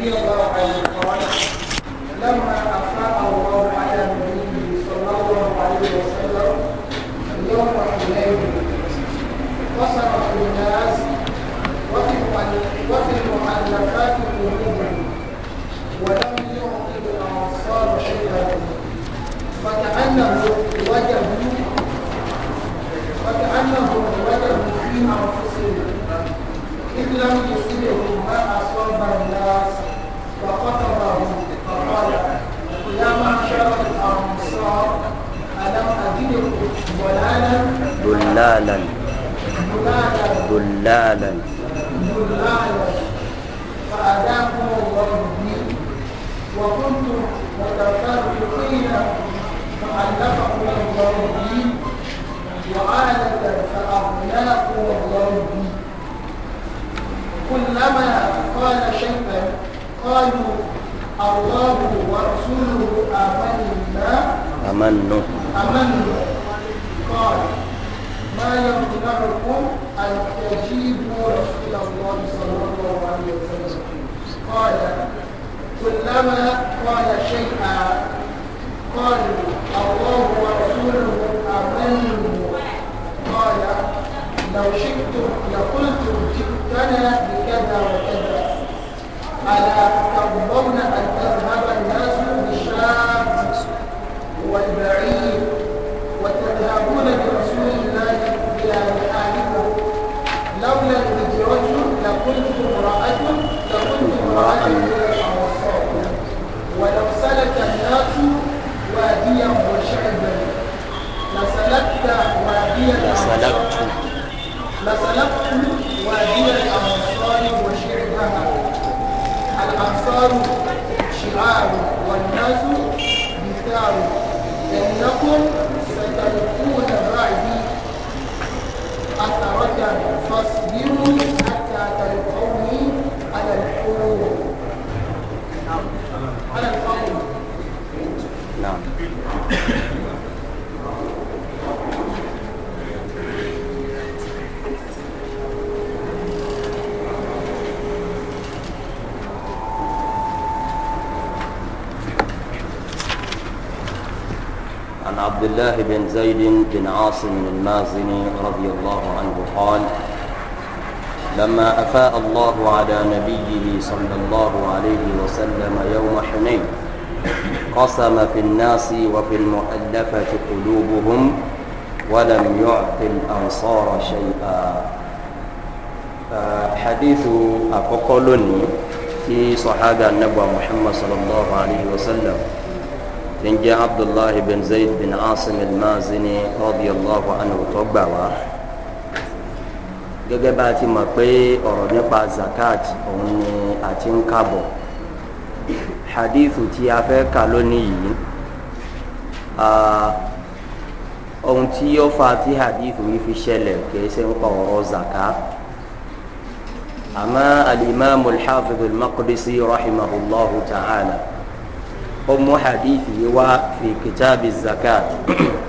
رضي الله عنه قال لما أفاء الله على النبي صلى الله عليه وسلم يوم حنين قصر في الناس وفي وفي المؤلفات قلوبهم ولم يعطي الأنصار شيئا فكأنه وجه فكأنه وجه في أنفسهم إن لم يصبهم ما أصاب الناس ضلالا ضلالا فأداكم الله الدين وكنتم متفرقين فألفكم الله الدين وعادة فأغناكم الله الدين كلما قال شيئا قالوا الله ورسوله آمنا آمنا آمنا قال ما يمنعكم أن تجيبوا رسول الله صلى الله عليه وسلم قال كلما قال شيئا قالوا الله ورسوله أمنوا قال لو شئتم لقلتم جئتنا بكذا وكذا ألا تقبلون أن تذهب الناس بالشام ولو سلك الناس واديا وشعبا لسلكت واديا لسلكت لسلكت وادي الأمصار وشعبها الأمصار شعار والناس بثار إنكم الله بن زيد بن عاصم المازني رضي الله عنه قال لما أفاء الله على نبيه صلى الله عليه وسلم يوم حنين قسم في الناس وفي المؤلفة قلوبهم ولم يعط الأنصار شيئا حديث أفقلني في صحابة النبوة محمد صلى الله عليه وسلم tí ń jẹ́ abdullahi bin zayd bin asim al-mazini radiyallahu anhu tó gbà wá gẹ́gẹ́ bá a ti mọ̀ pé ọ̀rọ̀ nípa zakat òun ni a ti ń kábọ̀ hadithu tí a fẹ́ kà lónìí yìí ohun tí ó fa tí hadithu yìí fi ṣẹlẹ̀ kìí ṣe ń pa ọ̀rọ̀ zakat àmọ́ alimami al-hafiz al-maqdisi rahimahullahu ta'ala ó mú hadith yìí wá fi kìtàbí zakat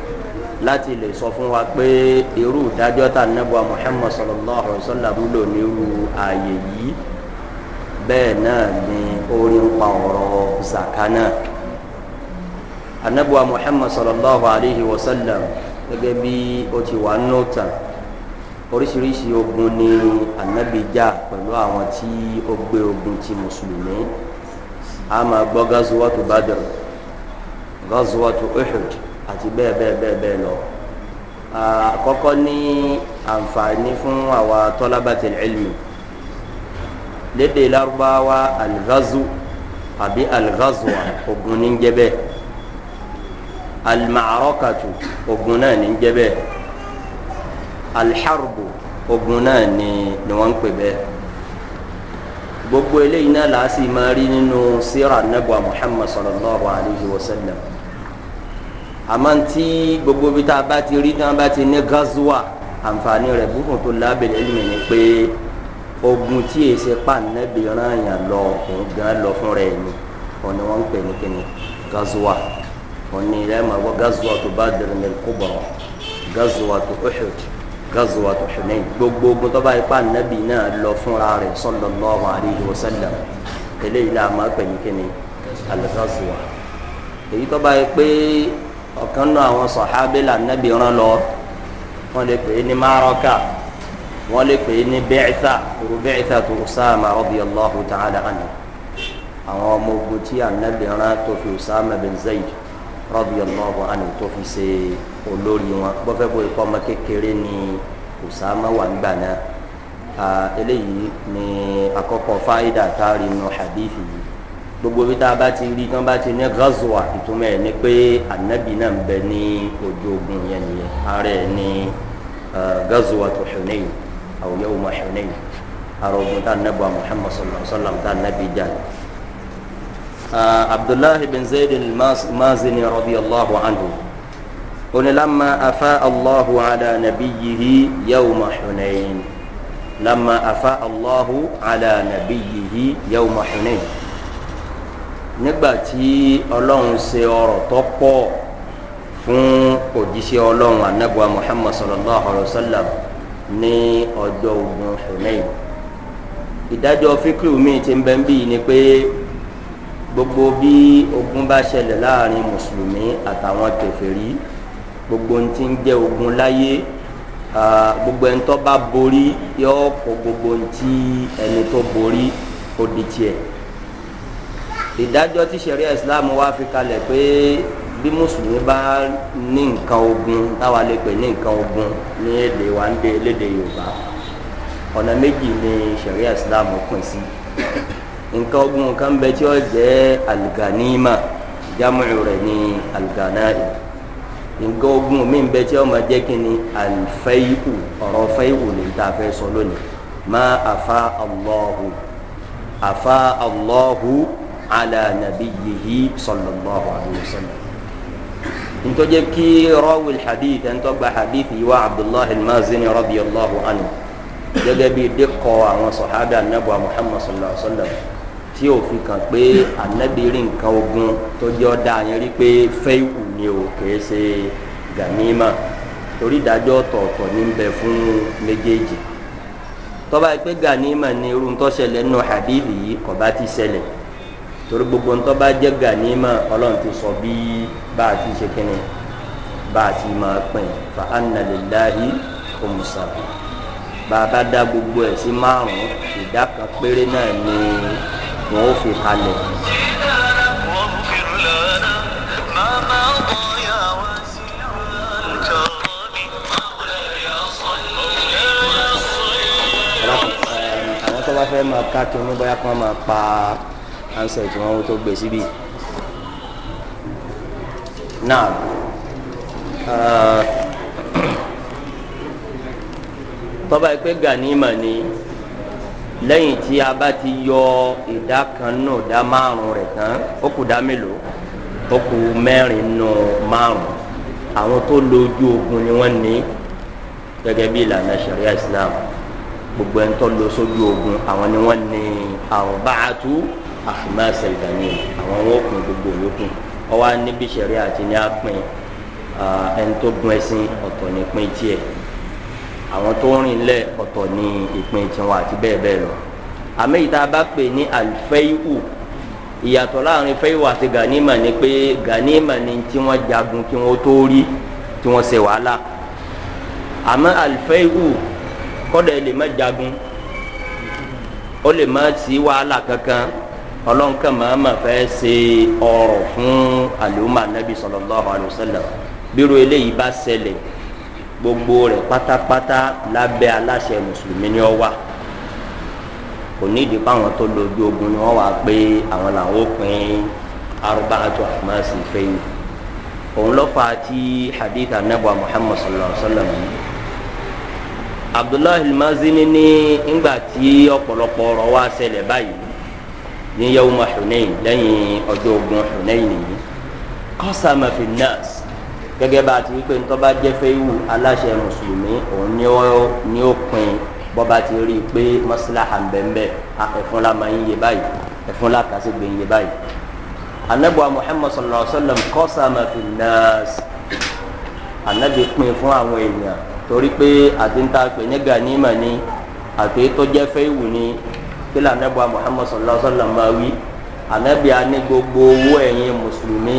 láti lè sọ fún wa pé irú ìdájọ́ tá nẹ́bùa muhammad sallallahu alayhi wa sallam lò ní irú ààyè yìí bẹ́ẹ̀ náà ni orí ń pa ọ̀rọ̀ zaka náà anabuwa muhammad sallallahu alayhi wa sallam gẹ́gẹ́ bí ó ti wà nù tán oríṣiríṣi ogun ni anabi pẹ̀lú àwọn tí ó gbé ogun ti mùsùlùmí a máa gbọ́ gazuwatu badr gazuwatu uhud àti bẹ́ẹ̀ bẹ́ẹ̀ bẹ́ẹ̀ bẹ́ẹ̀ lọ àkọ́kọ́ ní àǹfààní fún àwa tọ́lábàtì ilmi lédè lárúbáwá alghazu àbí alghazwa ogun ní jẹ́bẹ́ almaarokatu ogun náà ní jẹ́bẹ́ alharbu ogun náà ni wọ́n ń pè bẹ́ẹ̀ gbogbo eléyìí náà làá sì máa rí nínú síra nebà muhammad sallallahu alayhi wa sallam àmọ́ tí gbogbo bí tá a bá ti rí tí wọ́n bá ti ní gazuwa àǹfààní rẹ̀ bùkún tó lábẹ́lẹ́ ẹ̀lùmí ni pé ogun tí èyí ṣe pàǹdẹ́bì rán yàn lọ òun gan lọ fún rẹ̀ ni òun ni wọ́n ń pè ní kíni gazuwa òun ni ilẹ̀ máa wọ gazuwa tó bá dẹrẹ̀ ní kúbọ̀ gazuwa tó ọ̀ṣọ́jì gazuwa tó Hunain gbogbo ogun tó bá ipá nàbì náà lọ fúnra rẹ̀ sallallahu alaihi wasallam eléyìí la máa pè ní kíni al-gazuwa èyí tó bá yẹ pé ọ̀kan náà àwọn sọ̀hábẹ́ là nàbì rán lọ wọ́n lè pè é ní márọ́kà wọ́n lè pè é ní bẹ́ẹ̀ta rú bẹ́ẹ̀ta tó Usama radiyallahu ta'ala anhu àwọn ọmọ ogun tí ànábì rán tó fi Usama bin olórí wọn bọ́fẹ́ bóyá ikọ́ ọmọ kékeré ni Usama wà ń gbà náà eléyìí ni àkọ́kọ́ fáyidà táàrí nu hadithi yìí gbogbo bí tá a bá ti rí tán bá ti ní gazuwa ìtumọ̀ ẹ̀ ni pé anabi náà ń bẹ ní ojú ogun yẹn nìyẹn ààrẹ ní gazuwa tó Hunayn aw yawma Hunayn ààrẹ ogun tá anabi wa Muhammad sallallahu alaihi wa sallam tá anabi jà ní. Abdullahi bin Zayd al-Mazini radiyallahu anhu onílàmà afa allahu ala nabiyihi yawma hunayin làmà afa allahu ala nabiyihi yawma hunayin nígbà tí ọlọ́run ṣe ọ̀rọ̀ tó pọ̀ fún òjíṣẹ́ ọlọ́run anábọ̀ muhammad sallallahu alayhi wa sallam ní ọjọ́ ogun hunayin ìdájọ́ fíkìrì mi ti ń bẹ́ ń bí ni pé gbogbo bí ogun bá ṣẹlẹ̀ láàrin mùsùlùmí àtàwọn kèfèrí gbogbo ń ti ń jẹ ogun láyé gbogbo ẹni tó bá borí yọ kó gbogbo ń ti ẹni tó borí ó di tiẹ̀ ìdájọ́ tí sẹ̀rí islam wá fi kalẹ̀ pé bí mùsùlùmí bá ní nǹkan ogun táwa lè pè ní nǹkan ogun ní èdè wa ń dé léde yorùbá ọ̀nà méjì ni sẹ̀rí islam pín sí nǹkan ogun kan bẹ tí ó jẹ́ alganima jámùrù rẹ̀ ní alganaim nǹkan ogun mi ń bẹ tí ọmọ jẹ́ kí ni alifẹ́yìkù ọ̀rọ̀ fẹ́yìkù ní ta fẹ́ sọ lónìí má afa allahu afa allahu ala nabiyyihi sallallahu alayhi wa sallam ntɔjɛ kí rawul hadith ɛntɔgba hadith yi wa abdullahi mazini radiyallahu anhu gẹ́gẹ́ bí dekɔ àwọn sɔhada anabu muhammad sallallahu alayhi wa sallam. tí ó fi kàn pé anabi nǹkan ogun tó jẹ́ ọ̀dà yẹn rí pé fẹ́ẹ̀wù ni o kìí ṣe gàmímà torí ìdájọ́ ọ̀tọ̀ọ̀tọ̀ ní bẹ fún méjèèjì tọ́ba pé ni irú tó ṣẹlẹ̀ nù yìí kò bá ti ṣẹlẹ̀ torí gbogbo ntọ́ba jẹ́ gànímà ọlọ́run ti sọ ti ṣe wọn ó fi kalẹ̀. àwọn tó bá fẹ́ máa ká kí ní bóyá kí wọ́n máa pa ansẹ̀ tí wọ́n tó gbé síbí. náà tọ́ba yìí pé gani mà ní lẹ́yìn tí a bá ti yọ ìdá kan nù ìdá márùn rẹ̀ tán ó kù dá mélòó ó kù mẹ́rin nù márùn àwọn tó lójú ogun ni wọ́n ní gẹ́gẹ́ bí ìlànà sharia islam gbogbo ẹni tó lọ sójú ogun àwọn ni wọ́n ní arba'atu akhmasil banin àwọn wọn kún gbogbo yòókù ọwọ́ níbi sharia àti ní apin ẹni tó gun ẹṣin ọ̀tọ̀ nípìn tiẹ̀ àwọn tó ń rìn lẹ̀ ọ̀tọ̀ ní ìpín tiwọn àti bẹ́ẹ̀ bẹ́ẹ̀ lọ àmì ìta bá pè ní alifẹ́yìwò ìyàtọ̀ láàrin fẹ́yìwò àti ganima ni pé ganima ni tí wọ́n jagun kí wọ́n tó rí tí wọ́n ṣe wàhálà àmọ́ alifẹ́yìwò kọ́dà lè má jagun ó lè má sí wàhálà kankan ọlọ́run kan fẹ́ ṣe ọ̀rọ̀ fún àlùmọ́ anabi sallallahu alaihi wasallam bírò eléyìí bá ṣẹlẹ̀ gbogbo rẹ̀ pátápátá lábẹ́ aláṣẹ mùsùlùmí ni ọ wà kò ní ìdí báwọn tó lójú ogun ni wọ́n wà pé àwọn làwọn ó pín arúgbáàtò àmásì fẹ́yìn òun ló fa ti hadith anabuwa muhammad sallallahu alaihi wa sallam abdullahi mazini ní ńgbà tí ọ̀pọ̀lọpọ̀ ọ̀rọ̀ wá ṣẹlẹ̀ báyìí ní yawma hunayn lẹ́yìn ọjọ́ ogun hunayn nìyí qasama fi gẹ́gẹ́ bá a ti rí pé ntọ́ bá jẹ́ fẹ́yìwù aláṣẹ mùsùlùmí òun ni ó ni ó pin bọ́ba ti rí i pé mọ́sálàhà ń bẹ́ẹ̀ ẹ̀fún la máa ń yé báyìí ẹ̀fún la kà sí gbẹ̀yìn yé báyìí. anabuwa muhammad sallallahu alaihi wa sallam qasama fi nnas anabi pin fún àwọn èèyàn torí pé àti ń ta pè ní ganima ni àti tó jẹ́ fẹ́yìwù ni kí lè anabuwa muhammad sallallahu alaihi wa sallam máa wí anabi a gbogbo owó ẹ̀yin mùsùlùmí.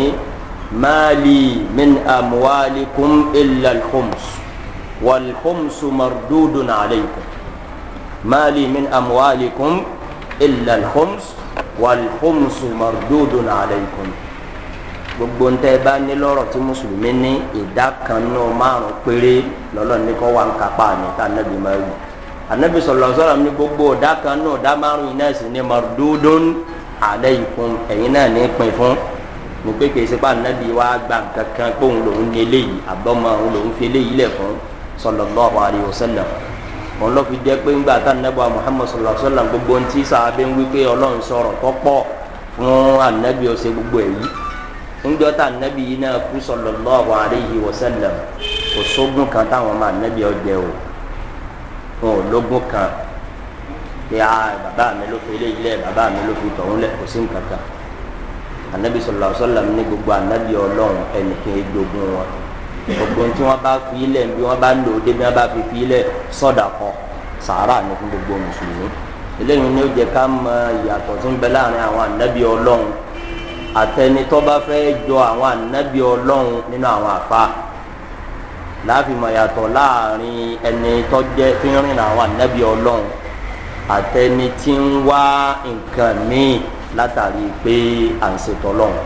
مالي من أموالكم إلا الخمس والخمس مردود عليكم مالي من أموالكم إلا الخمس والخمس مردود عليكم gbogbo ń tẹ bá ní lọ́rọ̀ tí mùsùlùmí ní ìdá kan nù márùn péré lọ́lọ́run ní kọ́ wá ń kápá mi tá anábì máa wù anábì sọ̀rọ̀ sọ̀rọ̀ ní gbogbo ìdá kan nù ìdá márùn iná sì ní mardudun alaykum ẹ̀yin náà ní pin fún mo pé kìí ṣe pa ànábì wa gba nǹkan kan pé òun lòun ní eléyìí àbọ̀mọ òun lòun fi eléyìí lẹ̀ fún sallallahu alaihi wasallam òun lọ́ fi jẹ́ pé ńgbà tá ànábì wa Muhammad sallallahu alaihi wasallam gbogbo ohun tí sàábẹ́ ń wí pé ọlọ́run sọ̀rọ̀ tọ́pọ̀ fún ànábì ọ̀sẹ̀ gbogbo ẹ̀ yìí ńgbà tá ànábì yìí náà kú sallallahu alaihi wasallam kò sógun kan táwọn ọmọ ànábì ọ̀jẹ̀ o wọn ò lógun kan pé ah, bàbá mi ló fi eléyìí lẹ̀ bàbá mi ló fi tọ̀hún lẹ̀ kò sí nǹkan kan anabi sọlọ sọlọ ní gbogbo anabi Ọlọ́run ẹnìkan egbògun wọn gbogbo tí wọn bá fi ilẹ̀ bí wọn bá lò ó débi wọn bá fi fi ilẹ̀ sọdà kọ sàárà ní fún gbogbo mùsùlùmí eléyìí ni ó jẹ ká mọ ìyàtọ̀ tó ń bẹ láàrin àwọn anabi Ọlọ́run àtẹni tó bá fẹ́ jọ àwọn anabi Ọlọ́run nínú àwọn àfa láàfin ìyàtọ̀ láàrin ẹni tó jẹ tó ń rìn àwọn anabi Ọlọ́run àtẹni tí ń wá nǹkan míì látàrí pé à ń ṣètò ọlọ́run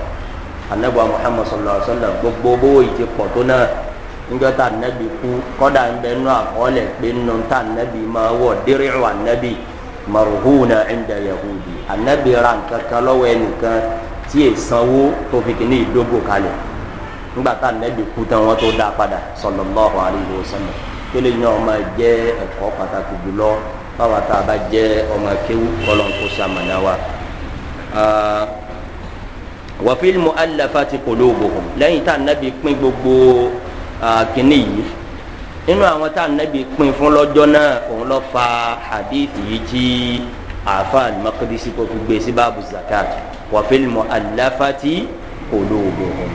anabi muhammad sallallahu alaihi wa sallam gbogbo owó ìti pọ̀ tó náà níjọ́ tá anabi kú kọ́dà ń bẹ nú àkọọ́lẹ̀ pé nù tá anabi máa wọ̀ dírìcù anabi maruhuna inda yahudi anabi ra nǹkan kan lọ́wọ́ ẹnìkan tí è sanwó tó fi kíní ìdógò kalẹ̀ nígbà tá anabi kú tán wọ́n tó dá padà sallallahu alaihi wa sallam kele ní ọmọ jẹ́ ẹ̀kọ́ pàtàkì jùlọ báwa tá a bá jẹ́ ọmọ kéwú kọ́lọ́n kó sàmànà wa. Uh, wàfíìlì mu alafa ti qulubuhum lẹ́yìn tá anabi pín gbogbo uh, kínní yìí nínú àwọn tá anabi pín fún lọ́jọ́ náà òun lọ fa hadith yìí jí àfa al-Maqdisi kò fi gbé sí báàbù zakat wàfíìlì mu alafa ti qulubuhum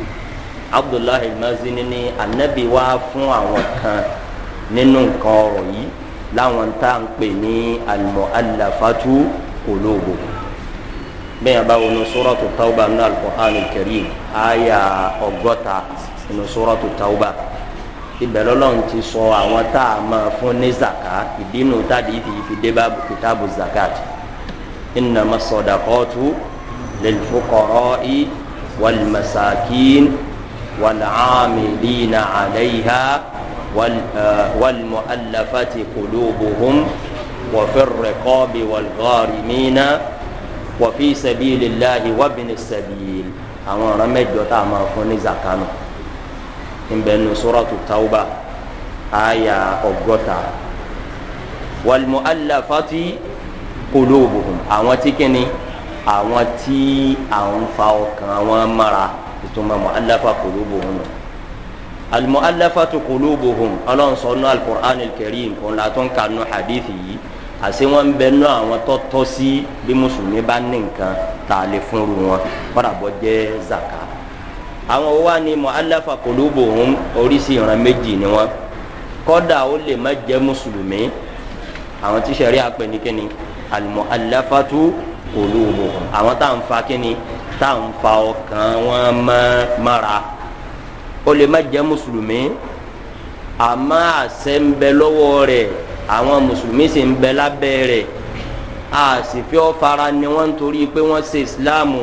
abdullahi mazini ni anabi wá fún àwọn kan nínú nǹkan ọ̀rọ̀ yìí láwọn tá à ń pè ní al-mu'allafatu qulubuhum bẹ́ẹ̀ bá wọnú sóràtú tawba nínú alukur'an karim àyà ọgọ́ta nínú sóràtú tawba ibẹ̀ lọ́lọ́run ti sọ àwọn tá a máa fún ní zaka ìdínú tàbí ìfi débà kìtàbù zakat innama sadaqatu lilfuqara'i walmasakin wal'amilina alayha eh, walmu'allafati qulubuhum wa fi rriqabi walgharimina wọ́fí sabilillahi wabini sabil àwọn ọ̀ràn mẹ́jọ tá a máa fún ní zakanu ìbẹ̀nu suratu tauba àyà ọgọ́ta wal mu'allafati qulubuhum àwọn tí kìíní àwọn tí àwọn fa ọkàn wọn mara ìtumọ̀ mu'allafa qulubuhum nù al mu'allafatu ọlọ́run sọ̀nù al-Qur'an al-Karim ń kanu hadithi yìí àṣé wọn bẹ nú àwọn tó tọ́ sí bí mùsùlùmí bá ní nǹkan tá a lè fún ru wọn kọ́dà bọ́ zaka àwọn wa ni mu'allafa qulubuhum oríṣi ìran méjì ni wọn kọ́dà ó lè má jẹ́ mùsùlùmí àwọn tí sẹ̀rí àpè ní kíni al-mu'allafatu qulubuhum àwọn tá à ń fa kíni tá à ń fa ọkàn wọn mọ́ra ó lè má jẹ́ mùsùlùmí àmọ́ àṣẹ ń bẹ lọ́wọ́ rẹ̀ àwọn mùsùlùmí sì ń bẹ lábẹ́ rẹ̀ a sì fi ọ́ fara ni wọ́n ń torí pé wọ́n ṣe ìsìláàmù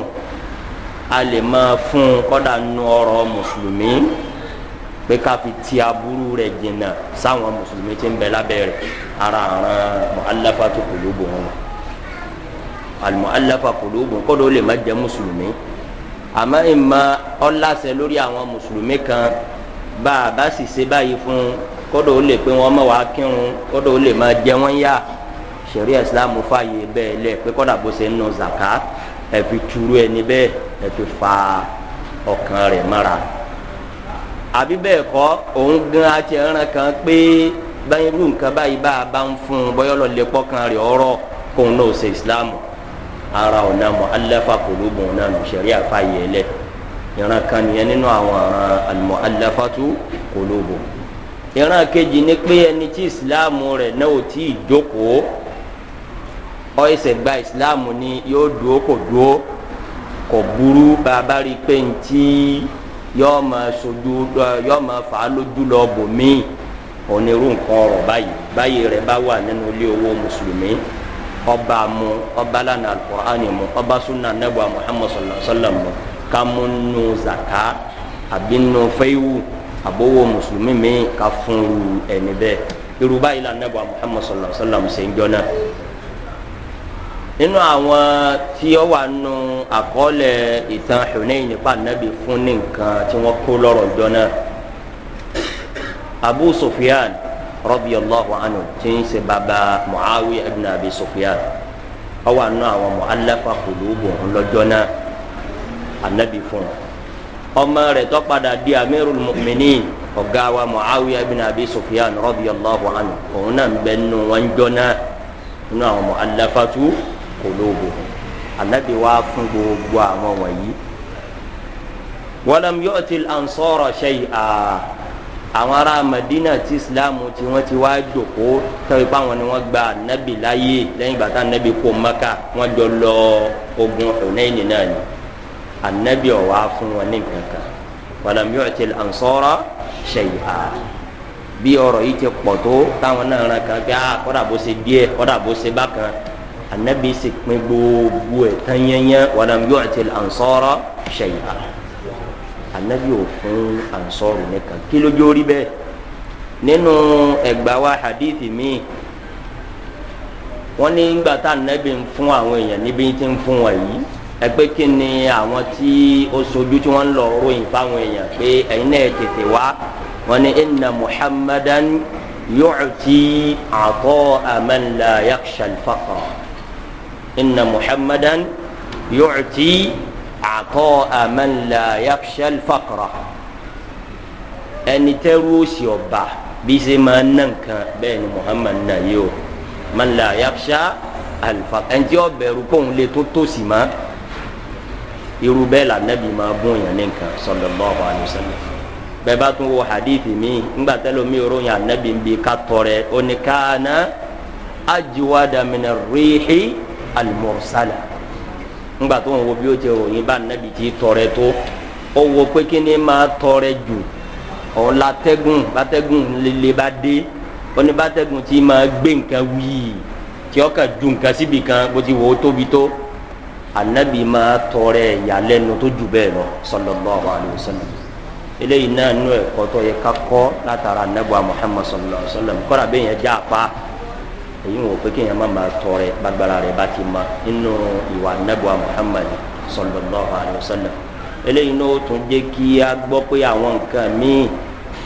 a lè máa fún un kọ́dà nu ọ̀rọ̀ mùsùlùmí pé ká fi ti aburú rẹ̀ jìnnà sáwọn mùsùlùmí tí ń bẹ lábẹ́ rẹ̀ ara àrùn mu'allafa tó kulubu wọn al-mu'allafa kulubu kọ́dọ̀ ó lè má jẹ́ mùsùlùmí àmọ́ ìmọ̀ ọ́ láṣẹ lórí àwọn mùsùlùmí kan bá a bá sì ṣe báyìí fún un kọ́dọ̀ ó lè pé wọ́n mọ̀ wá kírun kọ́dọ̀ ó lè máa jẹ wọ́n yá sẹ̀rí ẹ̀sìlámù fààyè bẹ́ẹ̀ lẹ̀ pé kọ́dà bó ṣe ń nà zaka ẹ̀ fi turu ẹni bẹ́ẹ̀ ẹ̀ fi fa ọkàn rẹ̀ mọ́ra àbí bẹ́ẹ̀ kọ́ òun gan àti ẹran kan pé báyìí irú nǹkan báyìí bá a bá ń fún un bọ́yọ́ lọ lè pọ́kàn rẹ̀ ọ̀rọ̀ kóun náà ṣe ìsìláàmù ara ọ̀nà mọ̀ aláfa kòlóbù ọ̀nà nù sẹ̀rí àfààyè ẹlẹ̀ ìran kan nìyẹn nínú àwọn ọ̀ràn àlùmọ̀ aláfa tú kòlóbù. ìran kejì ni pé ẹni tí ìsìláàmù rẹ̀ náà ò tí ì jókòó ọ ẹsẹ̀ gba ìsìláàmù ni yóò dúó kò dúó kò burú bàbá rí i pé ń tí yóò máa sojú yóò máa fà á lójú lọ bòmíì onírú nǹkan ọ̀rọ̀ báyìí báyìí rẹ̀ bá wà nínú ilé owó mùsùlùmí ọba mu ọba lana ọba sunna muhammadu sallallahu alaihi zaka abinu àbówó mùsùlùmí mi ká fún ẹni bẹ́ẹ̀ yorùbá yìí lànà bá muhammad sallallahu alayhi wa sallam ṣe ń jọ́nà nínú àwọn tí ó wà nù àkọọ́lẹ̀ ìtàn Hunayn nípa nàbì fún ní nǹkan tí wọ́n kó lọ́rọ̀ jọ́nà abu sufyan radiyallahu anhu tí ń ṣe baba muawiya ibn abi sufyan ó wà nù àwọn mu'allafa qulubuhum lọ́jọ́ náà ànábì fún wọn ọmọ rẹ̀ tó padà di amirul mu'minin ọ̀gá wa muawiya bin abi sufyan radiyallahu anhu òun náà ń bẹ nínú wọn jọ́nà nínú àwọn mu'allafatu qulubuhum anabi wa fún gbogbo àwọn wọ̀nyí. walam yu'til ansara shay'a àwọn ará madina tí isilamu tí wọ́n ti wá jòkó tẹ́wé pa wọn ni wọ́n gba anabi láyé lẹ́yìn bàtà anabi kó maka wọ́n jọ lọ ogun Hunayn náà ni anabi ọ̀wá fún wọn ní kankan wàlámi ọ̀tí ansọ́ra ṣẹ̀yìn a bí ọ̀rọ̀ yìí ti pọ̀ tó táwọn náà ran kan pé a ah, kọ́dà bó ṣe díẹ̀ kọ́dà bó ṣe bákan anabi sì pin gbogbo ẹ̀ tán yẹnyẹn wàlámi ọ̀tí ansọ́ra ṣẹ̀yìn a anabi ò fún ansọ́rù nìkan kí ló jórí bẹ́ẹ̀ nínú ẹgbà wa hadith mi wọ́n ní gbàtà anabi ń fún àwọn èèyàn níbi tí ń fún ẹgbẹ́ kí ni àwọn tí ó sojú tí wọ́n ń lọ ròyìn fáwọn èèyàn pé ẹ̀yin náà tètè wá wọn ni inna muhammadan yu'ti ata'a man la yakhsha al-faqr inna muhammadan yu'ti ata'a man la yakhsha al-faqr ẹni tẹ́rù òsì ọba bí ṣe máa ń nà nǹkan bẹ́ẹ̀ ni muhammad náà yìí o man ẹni tí ó bẹ̀rù kóun lè tó tòsí máa irú bẹ́ẹ̀ la nẹ́bí máa bún yàn ní nǹkan sallallahu alaihi wasallam bẹ́ẹ̀ bá tún wo hadithi mi ńgbà tẹ́lẹ̀ mi rò yàn nẹ́bí ń bi ká tọrẹ oníkàánà ajiwada mina rihi alimursala ńgbà tó ń wo bí ó ti ròyìn bá nẹ́bí ti tọrẹ tó ó wo pé kí ni máa tọrẹ jù òun látẹ́gùn bátẹ́gùn líle bá dé oníbátẹ́gùn ti máa gbé nǹkan wíì tí ó kà ju nǹkan síbi kan bó ti wò ó tóbi tó anabi máa tọrẹ ìyàlẹ́nu tó jù bẹ́ẹ̀ lọ sallallahu alayhi wa sallam eléyìí náà nú ẹ̀kọ́ tó yẹ ká kọ́ látara anabi wa muhammad sallallahu alayhi wa sallam kọ́ra bẹ́ẹ̀ yẹn já apá èyí wò pé kéèyàn má máa tọrẹ gbàgbára rẹ̀ bá ti ma nínú ìwà anabi muhammad sallallahu alayhi wa sallam eléyìí náà tún jẹ́ kí a gbọ́ pé àwọn nǹkan míì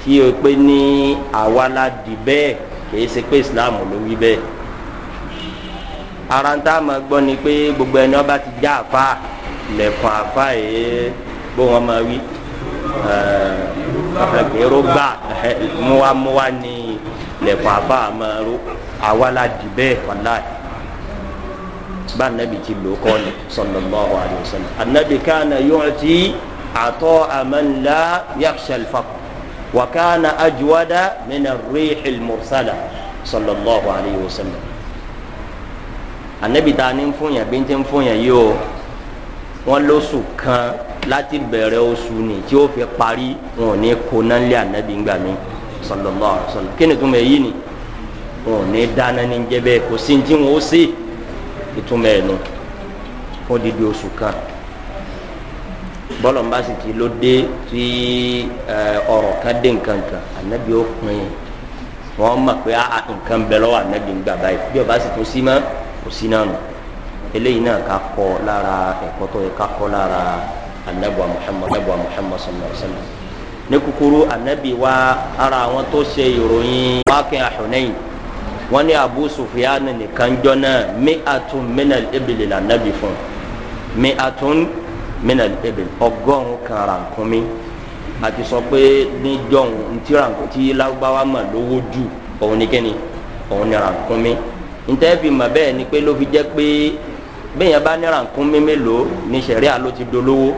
tí o pé ní àwa la dì bẹ́ẹ̀ kì í ṣe pé islam ló wí bẹ́ẹ̀ ara ń tá a máa gbọ́ ni pé gbogbo ẹni ọba ti já àfa lẹ̀kùn àfa yìí bó wọn máa wí èrò gbà muwamuwa ni lẹ̀kùn àfa máa ro àwa la dì bẹ́ẹ̀ wàlá bá anabi ti lò kọ́ ni sọlọ́lọ́hu àdìsọ́lá anabi kàna yóò ti àtọ́ àmàlà yàtúṣàlfàkù wàkàna àjùwádà mìíràn rí ìlmùsàlà sọlọ́lọ́hu àdìsọ́lá anabi ta ni fún yàn bí n ti fún yàn yìí o wọn lóṣù kan láti bẹ̀rẹ̀ oṣù ni tí ó fi parí wọn ò ní kó nánlé anabi gbà mí sọlọlọ sọlọ kí ni túmọ̀ èyí ni wọn ò ní dáná ní jẹ kò sí tí wọn ó ṣe ìtumọ̀ ẹ̀ nu fún dídí oṣù kan bọ́lọ̀ ń bá sì ti ló dé tí ọ̀rọ̀ kan dé nǹkan kan anabi ó pin wọn mọ̀ pé nǹkan bẹ lọ́wọ́ anabi gbà báyìí bí ọba sì tún sí mọ́ kò sí náà nù eléyìí náà ká kọ́ lára ẹ̀kọ́ tó yẹ ká kọ́ lára anabuwa muhammad anabuwa muhammad sallallahu alaihi wa sallam ní kúkúrú anabi wa ara àwọn tó ṣe ìròyìn wákìn àhùnẹ́yìn wọn ní abu sufyan nìkan jọ náà mi atun minal ibili la anabi fún mi atun minal ibili ọgọ́rùn kan rànkúnmi àti sọ pé ní jọ̀hún ntí rànkúnmi tí lárúbáwá mà lówó jù òun ní kíni òun ní rànkúnmi ntẹ́ẹ̀fì mọ̀ bẹ́ẹ̀ ni pé ló fi jẹ́ pé bẹ́ẹ̀ yẹn bá ní rànkúnmí mélòó ni sẹ̀ríà ló ti dolówó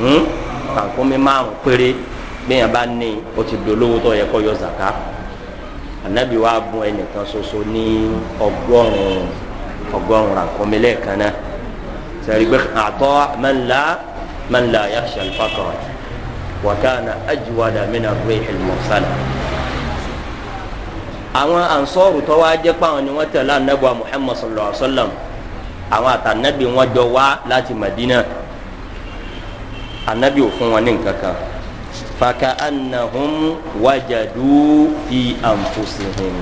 hmm? rànkúnmí márùn péré bẹ́ẹ̀ yẹn bá ní o ti dolówó tó yẹ kó yọ zaka anabi wa bùn ẹnìkan ṣoṣo ní ọgọ́rùn-ún ọgọ́rùn-ún rànkúnmí lẹ́ẹ̀kan náà sẹ̀rí pé àtọ́ mẹ́ńlá mẹ́ńlá yàtọ̀ ṣàlùfàkọ̀rọ̀ wàkàna ajiwada mina rẹ̀ ìlmọ̀sálà àwọn ansọ́ọ̀rù tó wáá jẹ́ páwọn ni wọ́n tẹ̀lé anabuwa muhammad sallallahu alayhi wa sallam àwọn àtànàbì wọn jọ wá láti madina anabi ò fún wọn ní nǹkan kan faka anahum wajadu fi anfusihim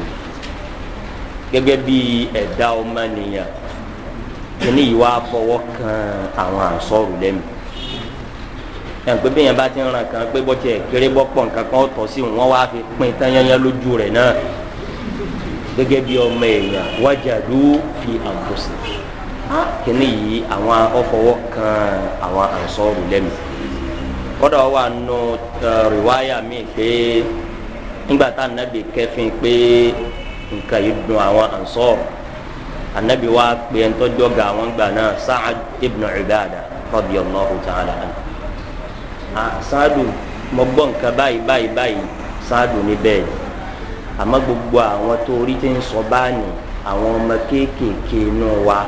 gẹ́gẹ́ bí ẹ̀dá ọmọnìyàn kíní yìí wá fọwọ́ kan àwọn ansọ́ọ̀rù lẹ́nu ẹnpẹ bẹyẹn bá ti ràn kan pé bọ́tí ẹ̀ kéré bọ́ pọ̀ nǹkan kan sí wọn wá fi pin tán yányán lójú rẹ̀ náà gẹ́gẹ́ bí ọmọ èèyàn wájàdú fi àǹfọ̀sì ah. kíní yìí àwọn ọfọwọ́ kan àwọn ànsọ́ọ̀rù lẹ́nu kọ́dọ̀ wà nù rìwáyà mi pé nígbà tá ànábì kẹfin pé nǹkan yìí dùn àwọn ànsọ́ọ̀rù ànábì wa pé ẹni tọ́jú ọ̀gá àwọn gbà náà Sa'ad ibn Ubada radiyallahu ta'ala anhu ah, Sa'adu mo gbọ́ nǹkan báyìí báyìí báyìí Sa'adu ní bẹ́ẹ̀ ni àmọ́ gbogbo àwọn tó rí ti ń sọ báàní àwọn ọmọ kéékèèké inú wa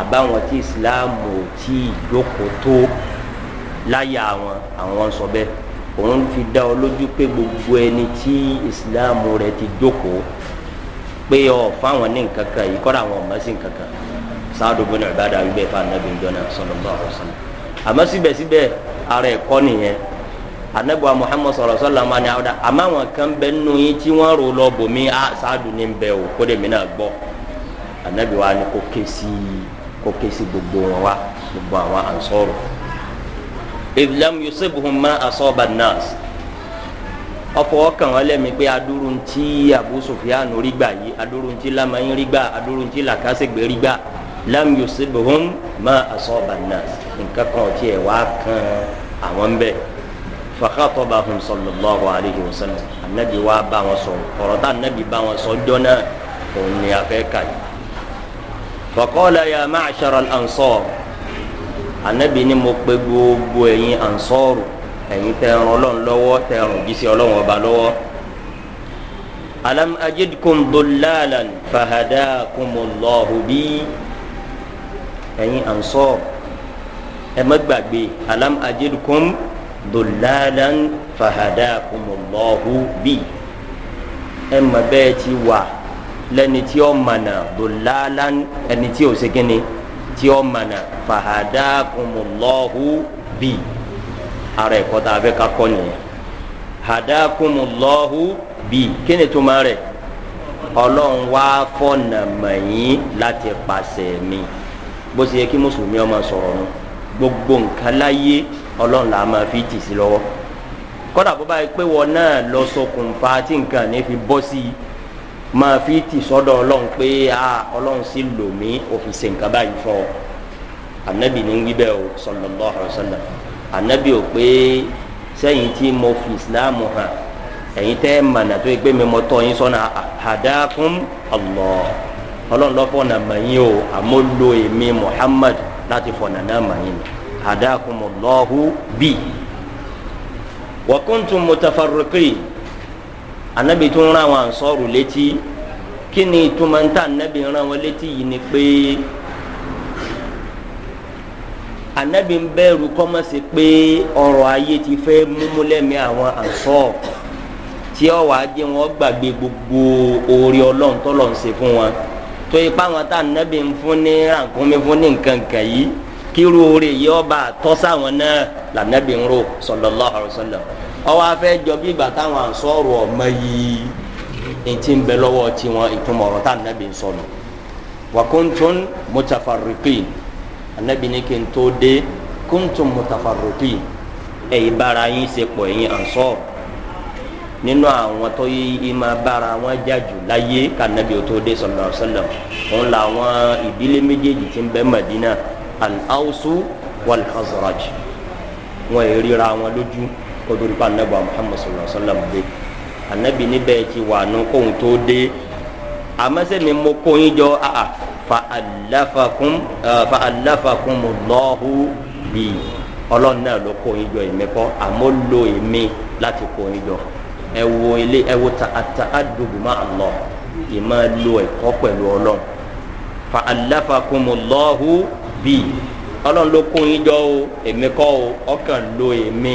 àbáwọn tí ìsìláàmù ò tí ì jókòó tó láyà àwọn àwọn sọ bẹ́ẹ̀ òun fi dá ọ lójú pé gbogbo ẹni tí ìsìláàmù rẹ ti jókòó pé ọ fáwọn ní nǹkan kan yìí kọ́ra àwọn ọmọ sí nǹkan kan sáàdù bọ́nà ìbàdàn wíbẹ̀ fún anabi ìjọ náà sọlọ́gbà ọ̀sán àmọ́ síbẹ̀síbẹ̀ ara ẹ̀kọ́ nìyẹn anabiwa muhammad sọlọ sọlọ ma ni awuda àmọ́ àwọn kan bẹ nínú yín tí wọ́n rò lọ bòmí a sáàdù ní bẹ o kó de mi náà gbọ́ anabiwa ni kò ké sí kò ké sí gbogbo wọn wa gbogbo àwọn ansọrọ iblam yusuf huma asọba nas ọfọ ọkàn wọn lẹmi pé adúrú ntí abu sufyan rí gbà yìí adúrú ntí lamayin rí gbà adúrú ntí lam yusuf huma asọba nas nǹkan kan ò tiẹ̀ kan àwọn bẹ́ẹ̀ fakhatobahum sallallahu alayhi wa sallam anabi wa bá wọn sọ ọ̀rọ̀ tá anabi bá wọn sọ jọ́nà òun ni a fẹ́ kà yìí. faqala ya ma'shara al-ansar anabi ni mo pe gbogbo ẹ̀yin ansọ́rù ẹ̀yin tẹ́ ràn ọlọ́run lọ́wọ́ tẹ́ ràn jíṣẹ́ ọlọ́run ọba lọ́wọ́. alam ajidkum dullalan bi ẹ̀yin ansọ́rù ẹ gbàgbé alam ajidkum dullalan dòlálan fàhádà kùmùlọ́hù bì ẹ mọ̀ bẹ́ẹ̀ ti wà lẹ́ni tí ó mọ̀nà dòlálan ẹni tí ó segin tí ó mọ̀nà fàhádà kùmùlọ́hù bì ara ẹ̀kọ́ tá a fẹ́ ká kọ́ nìyẹn hadakumullahu bi kíni tó máa rẹ̀ ọlọ́run wá fọ̀nà mọ̀yìn láti pàṣẹ mi bó ṣe yẹ kí mùsùlùmí ọmọ sọ̀rọ̀ nù gbogbo nǹkan láyé ọlọ́run la á máa fi tì sí lọ́wọ́ kọ́dà bó báyìí pé wọn náà lọ sokùnfà tí nǹkan ní fi bọ́ sí i máa fi tì sọ́dọ̀ ọlọ́run pé a ọlọ́run sì lò mí òfin ṣe nǹkan báyìí fún ọ anabi ní wí bẹ́ẹ̀ o sọlọ́lọ́ ọ̀rọ̀ sọlọ́ anabi ò pé sẹ́yìn tí mo fi islam hàn ẹ̀yin tẹ́ mànà tó yẹ pé mi mọ tọ́ yín sọ́nà àdákùn ọ̀lọ́ ọlọ́run lọ́fọ̀ọ́nà mọ̀ yín o àmọ́ lo èmi muhammad láti fọ̀nà náà mọ̀ yín ni hadakumullahu bi wa kuntum mutafarriqin anabi tó ń ra àwọn ànsọ́rù létí kí ni ìtumọ̀ ń tà anabi ń ra wọn létí yìí ni pé anabi ń bẹ̀rù kọ́mọ́ sí pé ọrọ̀ ayé ti fẹ́ múmúlẹ́mí àwọn ànsọ́rù tí ọ wàá jẹ wọn gbàgbé gbogbo oore Ọlọ́run tó ń ṣe fún wọn tó ipá wọn tá anabi ń fún ní rànkúnmi fún ní nǹkan yìí kíru oore yìí ọba àtọ́sáwọn náà lànàbí ń ro sallallahu alaihi wasallam ọwọ́ afẹ́ jọ bí ìgbà táwọn àǹsọ̀rọ̀ ọmọ yìí ntí ń bẹ lọ́wọ́ tiwọn ìtumọ̀ ọ̀rọ̀ tá ànàbí ń sọnù wa kuntum mutafarriqin ànàbí ní kí n tó dé kuntum mutafarriqin ẹ̀yin bára yín ṣe pọ̀ ẹ̀yin àǹsọ̀ nínú àwọn tó yí ìmọ̀ bára wọn jájú láyé kànàbí tó dé sallallahu alaihi wasallam òun làwọn ìdílé méjèèjì ti ń bẹ Mẹdínà al-awsu wal-khazraj wọn yìí ríra wọn lójú kótóri pa anabi muhammad sallallahu alaihi wa sallam dé anabi níbẹ̀ ti wà nù kóhun tó dé àmọ́sẹ́mi mo kóyin jọ àà fa aláfakún fa aláfakún lọ́hù bì ọlọ́run náà ló kóyin jọ èmi kọ́ àmọ́ lo èmi láti kóyin jọ ẹ wo ilé ẹ wo ta ata adùnmọ́ àlọ́ ìmọ̀ lo ẹ̀kọ́ pẹ̀lú ọlọ́run fa aláfakún lọ́hù bì. nàbí ọlọ́run ló kó yín jọ o èmi kọ́ o ọkàn lo èmi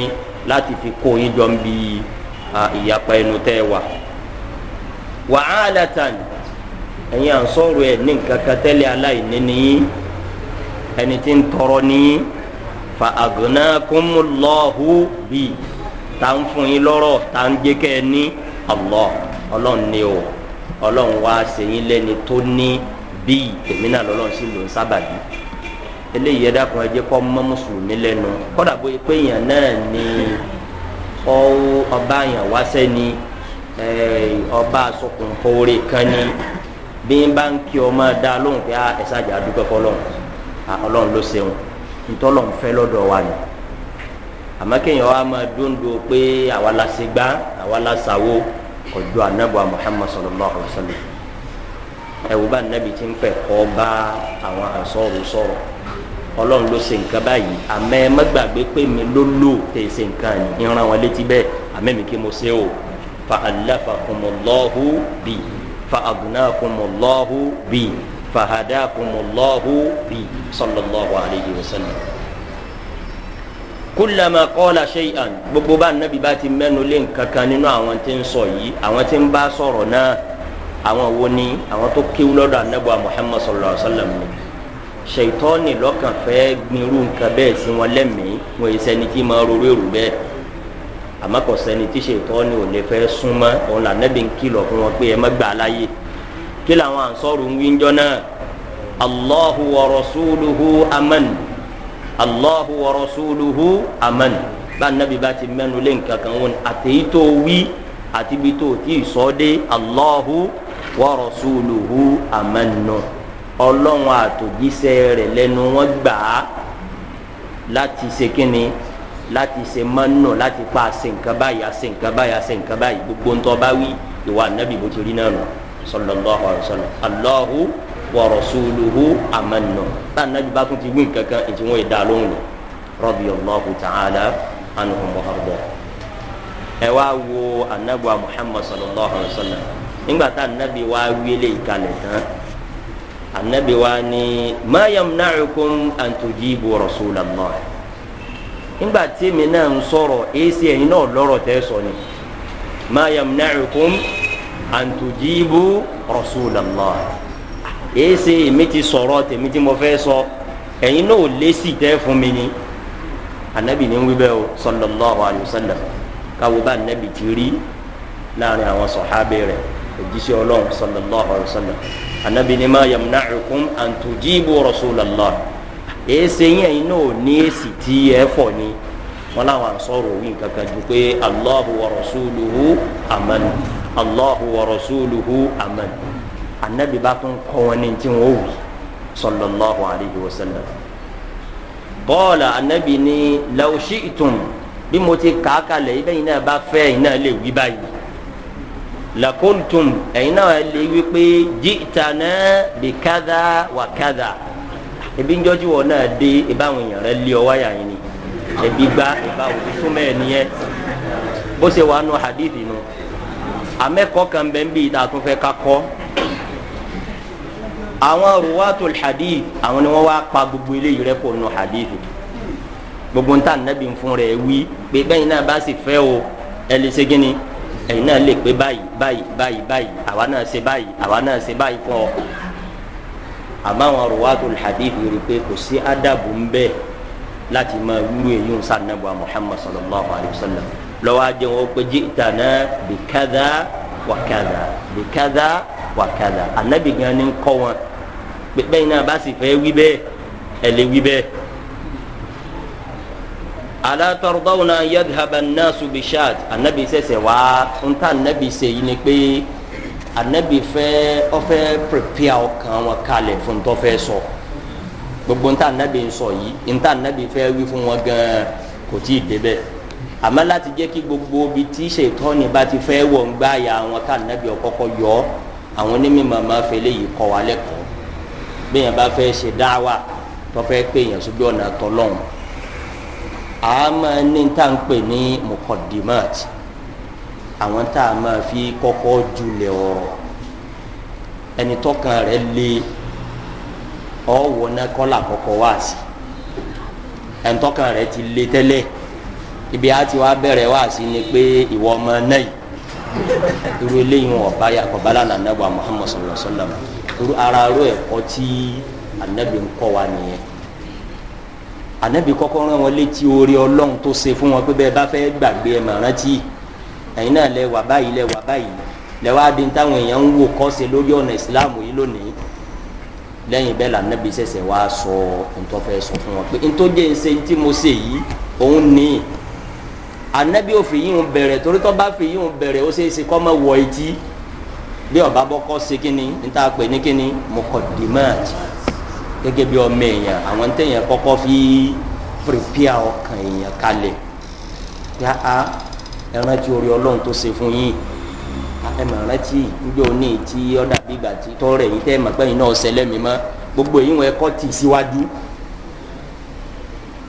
láti fi kó yín jọ ń bi ìyapa ẹnu tẹ́ wà. wàhálà tán ẹ̀yin à ẹ̀ ní nǹkan tẹ́lẹ̀ aláìní nìyí ẹni tí ń tọrọ nìyí fa àgùnà kúmùlọ́hù bì tá ń fún yín lọ́rọ̀ tá ń jẹ́ kẹ́ ẹ ní Allah ọlọ́run ni o ọlọ́run wá ṣèyí lẹ́ni tó ní bíi èmi náà lọ́lọ́run sì lò ń eléyìí ẹ̀dá kan ẹ̀jẹ̀ kọ́ mọ́ mùsùlùmí lẹ́nu kọ́dà bóyá pé èèyàn náà ni ọba àyàn wá sẹ́ni eh, ọba àsokùn fowórè kan ni bí n bá ń kí ọmọ dá lóhùn pé ẹ̀sà àjà dúpẹ́ fọlọ́hùn ọlọ́run ló ṣeun ntọ́lọ́hùn fẹ́ lọ́dọ̀ wa ni àmọ́ kéèyàn wá máa dóńdó pé àwa la ṣe gbá àwa la ṣàwo ọjọ́ anábọ̀ Muhammad sallallahu alaihi wa sallam ẹ̀wù bá nàbì tí ń pẹ̀ kọ́ bá àwọn àṣọ òru ọlọ́run ló ṣe nǹkan báyìí àmọ́ ẹ má gbàgbé pé mi ló lò tẹ̀ ṣe nǹkan ni ìran wọn létí bẹ́ẹ̀ àmọ́ mi kí mo ṣe o fa aláfàkùnmọ̀lọ́hù bì fa àgùnàkùnmọ̀lọ́hù bì fa àdàkùnmọ̀lọ́hù bì sọlọ́lọ́hu àlejò sẹ́nu. kúlẹ̀mà kọ́lá ṣéyàn gbogbo bá nàbí bá ti mẹ́nu lé nǹkan kan nínú àwọn tí ń sọ yìí àwọn tí ń bá sọ̀rọ̀ náà àwọn wo ni àwọn tó kéwú lọ́dọ̀ anábọ̀ muhammad sallallahu alayhi wa ṣètọ́ni lọ́kàn fẹ́ gbinrú nǹkan bẹ́ẹ̀ sí wọn lẹ́mìí wọn èyí sẹ́ni tí máa rorú èrò bẹ́ẹ̀ àmọ́ kò sẹ́ni tí ṣètọ́ni ò lè fẹ́ súnmọ́ òun là nẹ́bí ń kìlọ̀ fún wọn pé ẹ má gbà á láyè kí làwọn ànsọ́rù ń wíjọ́ náà allahu wa rasuluhu aman allahu wa rasuluhu aman bá nẹ́bí bá ti mẹ́nu lé nǹkan kan wọn àtẹ̀yí tó wí àti ibi tó ti sọ dé allahu wa rasuluhu aman náà ọlọ́run àtòjíṣẹ́ rẹ̀ lẹ́nu wọn gbà á láti ṣe kínni láti ṣe mọ́nà láti pa ṣe nǹkan báyìí ṣe nǹkan báyìí ṣe nǹkan báyìí gbogbo ń tọ́ bá wí ìwà nàbì bó ti rí náà nù sallallahu alaihi wasallam Allahu wa rasuluhu amanna tá nàbì bá tún ti wí nǹkan kan ètò wọn ìdá lóhùn ni radiyallahu ta'ala anhum wa arda ẹ wá wo anabuwa Muhammad sallallahu alaihi nígbà tá nàbì wá wí eléyìí kalẹ̀ tán anabi wa ni ma yamna'ukum an tujibu rasulallah nígbà tí mi náà ń sọ̀rọ̀ èsì ẹ̀yin náà lọ́rọ̀ tẹ́ sọ ni ma yamna'ukum an tujibu rasulallah èsì èmi ti sọ̀rọ̀ tèmi tí mo fẹ́ sọ ẹ̀yin náà lésì tẹ́ fún mi ni anabi ni ń wí o sallallahu wa sallam káwo bá anabi ti rí láàrin àwọn sọ̀hábẹ́ rẹ̀ òjíṣẹ́ ọlọ́run sallallahu alayhi wa sallam anabi ni ma yamna'ukum an tujibu rasulallah èsì yín ẹ̀yin náà ní èsì tí ẹ fọ̀ ni wọn làwọn sọ̀rọ̀ wí kankan ju pé allahu wa rasuluhu aman allahu wa rasuluhu aman anabi bá tún kọ́ wọn ní tí wọ́n wù sallallahu alayhi wa sallam bọ́ọ̀lù anabi ni law shi'tum bí mo ti kàákalẹ̀ ibẹ̀ yìí náà bá fẹ́ yìí náà lè wí báyìí lakuntum ẹ̀yin náà lè wí pé jìtànà bí kádà wà kádà ebi ń jọ́jú wọn náà dé ìbáwọn èèyàn rẹ lé ọ wáyà yín ni ebi gbá ìbáwọn ìsúnmọ́ ẹ̀ nìyẹn bó ṣe wà nù hadithi nù amẹ́kọ̀ọ́ kan bẹ́ẹ̀ ń bí ìta tó fẹ́ àwọn ruwatul hadith àwọn ni wọ́n wá pa gbogbo eléyìí rẹ kò nù hadith gbogbo ń nàbí fún rẹ̀ wí pé bẹ́ẹ̀ náà bá sì fẹ́ o ẹ lè ṣe gíní ẹ̀yin náà lè pé báyìí báyìí báyìí báyìí àwa náà ṣe báyìí àwa náà ṣe báyìí fún ọ àmọ́ àwọn ruwatul hadith rí i pé kò sí ádàbò ń bẹ́ẹ̀ láti máa wúru èyí ń sàn nàbọ̀ muhammad sallallahu alayhi wa sallam lọ́wọ́ ajé wọn pé jìtànà bìkádà wàkádà bìkádà wàkádà ànábìgàn ni ń kọ́ wọn pé bẹ́ẹ̀ náà bá sì fẹ́ wí bẹ́ẹ̀ ẹ̀ lè wí bẹ́ẹ̀ alátọ̀rọ̀dọ́wọ̀n yadhaba nasu bishad anabi sẹ̀sẹ̀ wá ń tà anabi sẹ̀ yìí ni pé anabi fẹ́ ọfẹ́ pèpìà ọkàn wọn kalẹ̀ fún tọ́fẹ́ sọ gbogbo ń tà anabi sọ yìí ń tà anabi fẹ́ wí fún wọn gan kò tí ì débẹ̀ àmọ́ láti jẹ́ kí gbogbo ibi tí ṣètọ́ni bá ti fẹ́ wọ̀ ń gbá ya àwọn ká nàbí ọ̀kọ́kọ́ yọ àwọn onímọ̀ máa fẹ́ léyìí kọ́ wa lẹ́kọ̀ọ́ bí yẹn bá fẹ́ ṣe dáwà tó fẹ́ pé èèyàn sójú ọ̀nà tọ́lọ́hún a ma ní tá à pè ní mukodimat àwọn tá a máa fi kọ́kọ́ julẹ̀ ọ̀rọ̀ ẹni lé ọ̀wọ́ náà kọ́là kọ́kọ́ wá sí ẹni ti lé tẹ́lẹ̀ ibi a ti wá bẹ̀rẹ̀ wá sí ni pé ìwọ ọmọ náà irú eléyìí wọn ọba yà kọba lánà anabi muhammadu sallallahu alaihi wa sallam irú ara ànábì kọ́kọ́ rán wọn létí orí ọlọ́run tó ṣe fún wọn pé bẹ́ẹ̀ bá fẹ́ gbàgbé ẹ̀ mọ̀rántí ẹ̀yin náà lẹ wà báyìí lẹ wà báyìí lẹ wá di táwọn èèyàn ń wò kọ́ ṣe lórí ọ̀nà ìsìláàmù yìí lónìí lẹ́yìn bẹ́ẹ̀ là nábì ṣẹ̀ṣẹ̀ wá sọ ntọ́ fẹ́ sọ fún wọn pé ntọ́jẹ́ ṣe tí mo ṣe yìí òun ní ànábì ò fi yín bẹ̀rẹ̀ torí tó bá fi yín bẹ̀rẹ̀ ó ṣeé ṣe kọ́ mọ́ wọ etí bí ọ̀bá bọ́kọ́ ṣe kíni ní gẹ́gẹ́ bí ọmọ èèyàn àwọn téèyàn kọ́kọ́ fi pèpìà ọkàn èèyàn kalẹ̀ yá a ẹran tí orí ọlọ́run tó ṣe fún yín ẹ mọ̀ rántí níjọ́ ní tí ọ̀dà bígbà tí tọ́rẹ̀ yìí tẹ́ ẹ mọ̀ pé iná ọ̀sẹ̀ lẹ́mi mọ́ gbogbo èyí wọn ẹkọ́ tì síwájú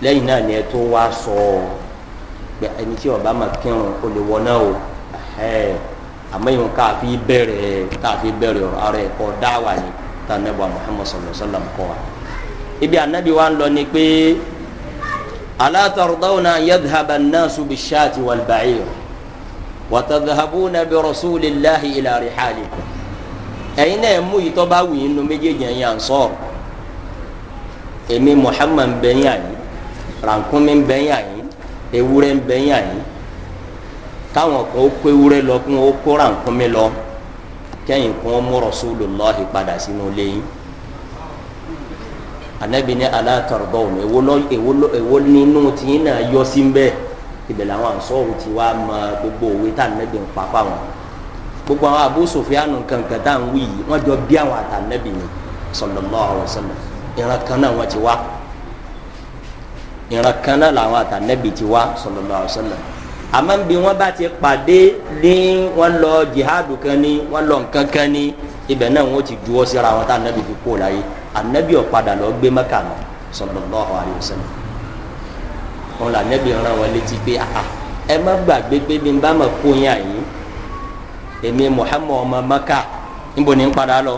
lẹ́yìn náà ni ẹ tó wá sọ ọ́ pé ẹni tí ọba mọ̀ kírun ó lè wọ náà o àmọ́ ìhun káàfi bẹ̀rẹ̀ káàfi bẹ̀rẹ̀ ọ̀rọ̀ ẹ̀kọ́ dáwà ni tá anabi wa muhammad sallallahu alaihi wa sallam kọ́ wa ibi anabi wa ń lọ ni pé alátọ̀rọ̀dáwọ̀nà yadhaba naasu bi shaati wal ba'ir watadhabuna bi rasulillahi ila rihalikum ẹ̀yin náà mú yìí tọ́ bá wù yín nu méjèèjì ẹ̀yin à ń sọ̀rọ̀ èmi muhammad bẹ́yìn àyín rànkúnmi bẹ́yìn àyín ewúrẹ́ bẹ́yìn àyín káwọn kan ó kó ewúrẹ́ lọ kí ó kó rànkúnmi lọ kẹ́yìn kún mú Rasulullahi padà sínú ilé yín anabi ní aláàtọ̀rọ̀bọ̀ òun èwo nínú tìyín náà yọ sí bẹ́ẹ̀ ibẹ̀ làwọn àǹsọ́ọ̀rù ti wá mọ gbogbo òwe tá anabi ń pa fáwọn gbogbo àwọn Abu Sufyanu kankan tá à ń wí yìí wọ́n jọ bí àwọn àtànẹ́bì ni sallallahu alaihi wasallam ìran kan náà wọ́n ti wá ìran kan náà làwọn àtànẹ́bì ti wá sallallahu alaihi wasallam àmọ́ bí wọ́n bá ti pàdé ní wọ́n lọ jihadu kan ní wọ́n lọ nǹkan kan ní ibẹ̀ náà wọ́n ti juwọ́ síra wọn tá anabi fi kó láyé anabi ọ̀padà lọ gbé mẹ́kà mọ́ sọlọ́lọ́hu alayhiṣẹ́lẹ̀ wọn là anabi ràn wọn létí pé aha ẹ má gbàgbé pé bí n bá mọ̀ kó yín àyè èmi muhammed ọmọ mẹ́kà níbo ni n padà lọ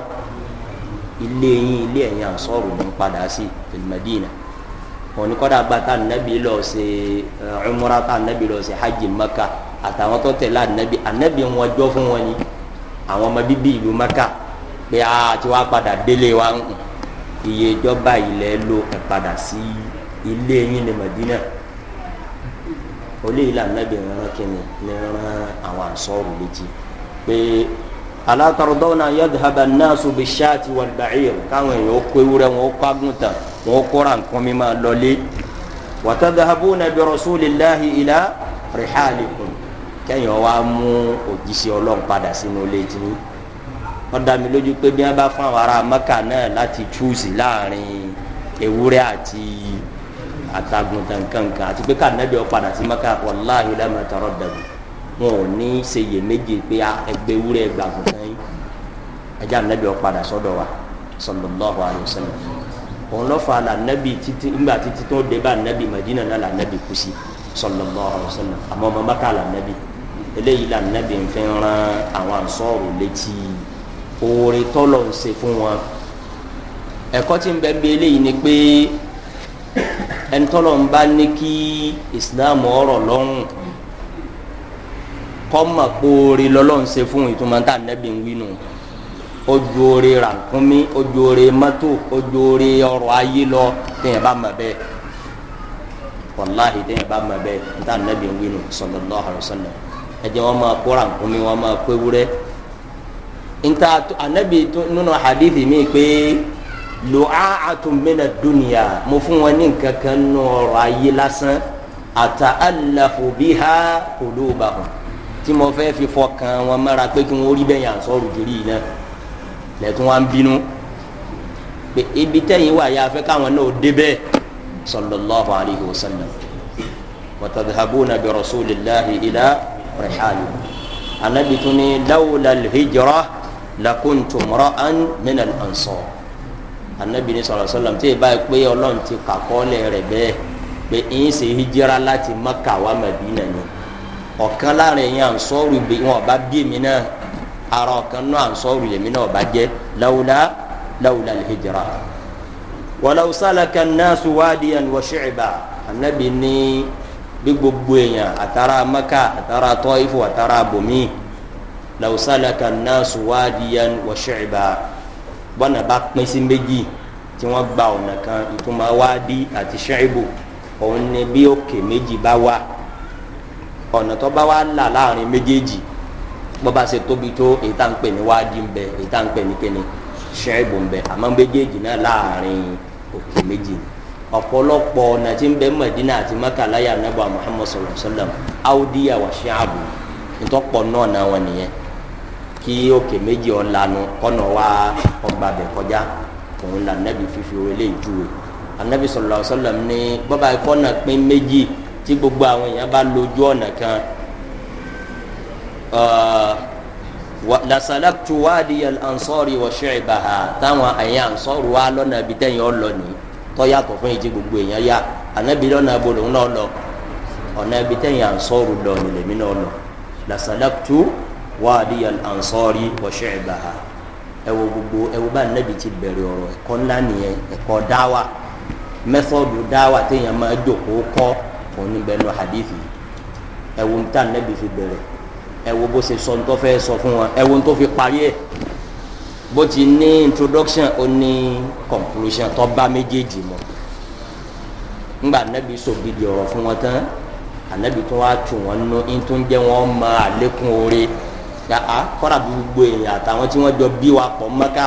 ilé yín ilé ẹ̀yìn àsọ̀rù ni n padà sí fìlìmẹ́dínà òní kọ́dà gba tá ànábì lọ ṣe eh, umra tá ànábì lọ ṣe hajj maka àtàwọn tó tẹ̀lé ànábì anabi wọn jọ fún wọn ni àwọn ọmọ bíbí ìlú maka pé a ti wá padà délé wa ń iye ìjọba ilẹ̀ ló ẹ̀ padà sí ilé yín ní madina olè ìlànà ànábì rán kí ní rán àwọn ànsọ́ọ̀rù létí pé alákàrọ̀dọ́nà yadhaba nnasu bishaati walba'ir káwọn èèyàn kó ewúrẹ́ wọn kó agùntàn wọn kó ránkún mi máa lọlé watadhabuna bi rasulillahi ila rihalikum kẹ́yìn wa mú òjíṣẹ́ ọlọ́run padà sínú ilé jìnnì wọ́n dá mi lójú pé bí wọ́n bá fún àwọn ará mẹ́kà náà láti chúùsì láàrin ewúrẹ́ àti àtàgùntàn kankan àti pé kànáàbí ọ̀ padà sí mẹ́kà wallahi la ma wọn ò ní ṣèyè méjì pé ah, ẹgbẹ́ ewúrẹ́ gbàgbọ́ kan yín ẹjẹ́ ànábì ọ padà sọ́dọ̀ wa sallallahu alayhi wa sallam òun lọ fa lànàbì títí ńgbà títí tó dé bá ànábì Madina náà lànàbì kú sí sallallahu alayhi wa sallam àmọ́ ọmọ Mákà lànàbì eléyìí lànàbì ń fẹ́ ran àwọn ànsọ́ọ̀rù létí oore tọ́lọ̀ ń ṣe fún wọn ẹ̀kọ́ tí ń bẹ bí eléyìí ni pé ẹni ń bá ní kí Islam ọ̀rọ̀ kọ́mọ̀ kóore lọ́lọ́run ṣe fún ìtumọ̀ tá nẹ́bí ń wí nù ojú oore rànkúnmí ojú oore mọ́tò ojú oore ọrọ̀ ayé lọ téèyàn bá mọ̀ bẹ́ẹ̀ wàláhì téèyàn bá mọ̀ bẹ́ẹ̀ tá nẹ́bí ń wí nù sallallahu alaihi wasallam ẹ jẹ́ wọ́n máa kó rànkúnmí wọ́n máa kó ewúrẹ́ nta anabi nínú hadithi mi pé lu'a'atun mina dunya mo fún wọn ní nǹkan kan nù ọrọ̀ ayé lásán ata'allafu biha qulubahum tí mo fẹ́ fi fọkàn wọn mọ́ra pé kí wọ́n rí bẹ́ẹ̀ yàn sọ́ọ̀rù kiri yìí náà lẹ́tún wá ń bínú pé ibi tẹ́yìn wà yá fẹ́ káwọn náà dé bẹ́ẹ̀ sallallahu alayhi wa sallam wa tadhabuna bi rasulillahi ila rihali anabi tún ní lawla alhijra lakuntu mra'an min al-ansar anabi ní sallallahu alayhi tí ì báyìí pé ọlọ́run ti kàkọ́ọ́lẹ̀ rẹ̀ bẹ́ẹ̀ pé ìyín ṣe hijira láti Makka wá Madina ni ọ̀kan láàrin yẹn ànsọ́rù bí wọn ọba bí èmi náà ara ọ̀kan náà ànsọ́rù lèmi náà ọba jẹ́ lawla lawla lihijira wàlàwù sálàkà nàásù wádìyàn wà ṣìcìbà ànábì ní bí gbogbo èèyàn àtàrà maka àtàrà tọ́ìfù àtàrà bòmí làwù sálàkà nàásù wádìyàn wà ṣìcìbà bọ́nà bá pín sí méjì tí wọ́n gba ọ̀nà kan ìtumọ̀ wádìí àti ṣìcìbù òun ni bí òkè méjì bá wà ọ̀nà tó bá wà là láàrin méjèèjì bọ́ba ṣe tóbi tó èyí tá à ń pè ní wáàdí ń bẹ èyí tá à ń pè ní kíni ṣẹ́ẹ̀bù ń bẹ àmọ́ méjèèjì náà láàrin òkè méjì ni ọ̀pọ̀lọpọ̀ ọ̀nà tí ń bẹ mọ̀dínà àti mọ́kàláyà nàbà muhammad sallallahu alayhi wa sallam awudiya wa ṣáàbù ntọ́pọ̀ náà náà wọn nìyẹn kí òkè méjì ọ̀lànà kọ́nà wa ọgbà bẹ̀ kọjá òun là nàbì fífi wọlé ìjúwe anabi sallallahu alayhi wa sallam ní bọ́ba ẹ̀kọ́ náà pín méjì tí gbogbo àwọn èèyàn bá lójú ọ̀nà kan uh, lasalaktu wadiyal ansori wa shi'ibaha táwọn ẹ̀yìn ansori wa lọ́nà ibi tẹ́yìn ọ̀lọ́ ni tọ́yàtọ̀ fún ìdí gbogbo èèyàn yá ànábi lọ́nà abolóhùn náà lọ ọ̀nà ibi tẹ́yìn ansori lọ ni lèmi náà lọ lasalaktu wadiyal ansori wa shi'ibaha ẹ wo gbogbo ẹ bá ànábi ti bẹ̀rẹ̀ ọ̀rọ̀ ẹ̀kọ́ ńlá nìyẹn ẹ̀kọ́ dáwà mẹ́fọ́ọ̀dù dáwà téèyàn máa jókòó kọ́ òun ní bẹ́ẹ̀ nù hadithi ẹ wo níta nẹ́bi fi bẹ̀rẹ̀ ẹ wo bó ṣe sọ nítorí fẹ́ sọ fún wọn ẹ wo fi parí ẹ̀ bó ti ní introduction ó ní conclusion tó bá méjèèjì mọ́ ngba anabi sọgidi ọ̀rọ̀ fún wọn tán anabi tó wá tù wọn nù ntó ń jẹ wọn mọ àlékún oore yàtọ̀ kọ́ra gbogbo èèyàn àtàwọn tí wọ́n jọ bí wa pọ̀ mọ́ká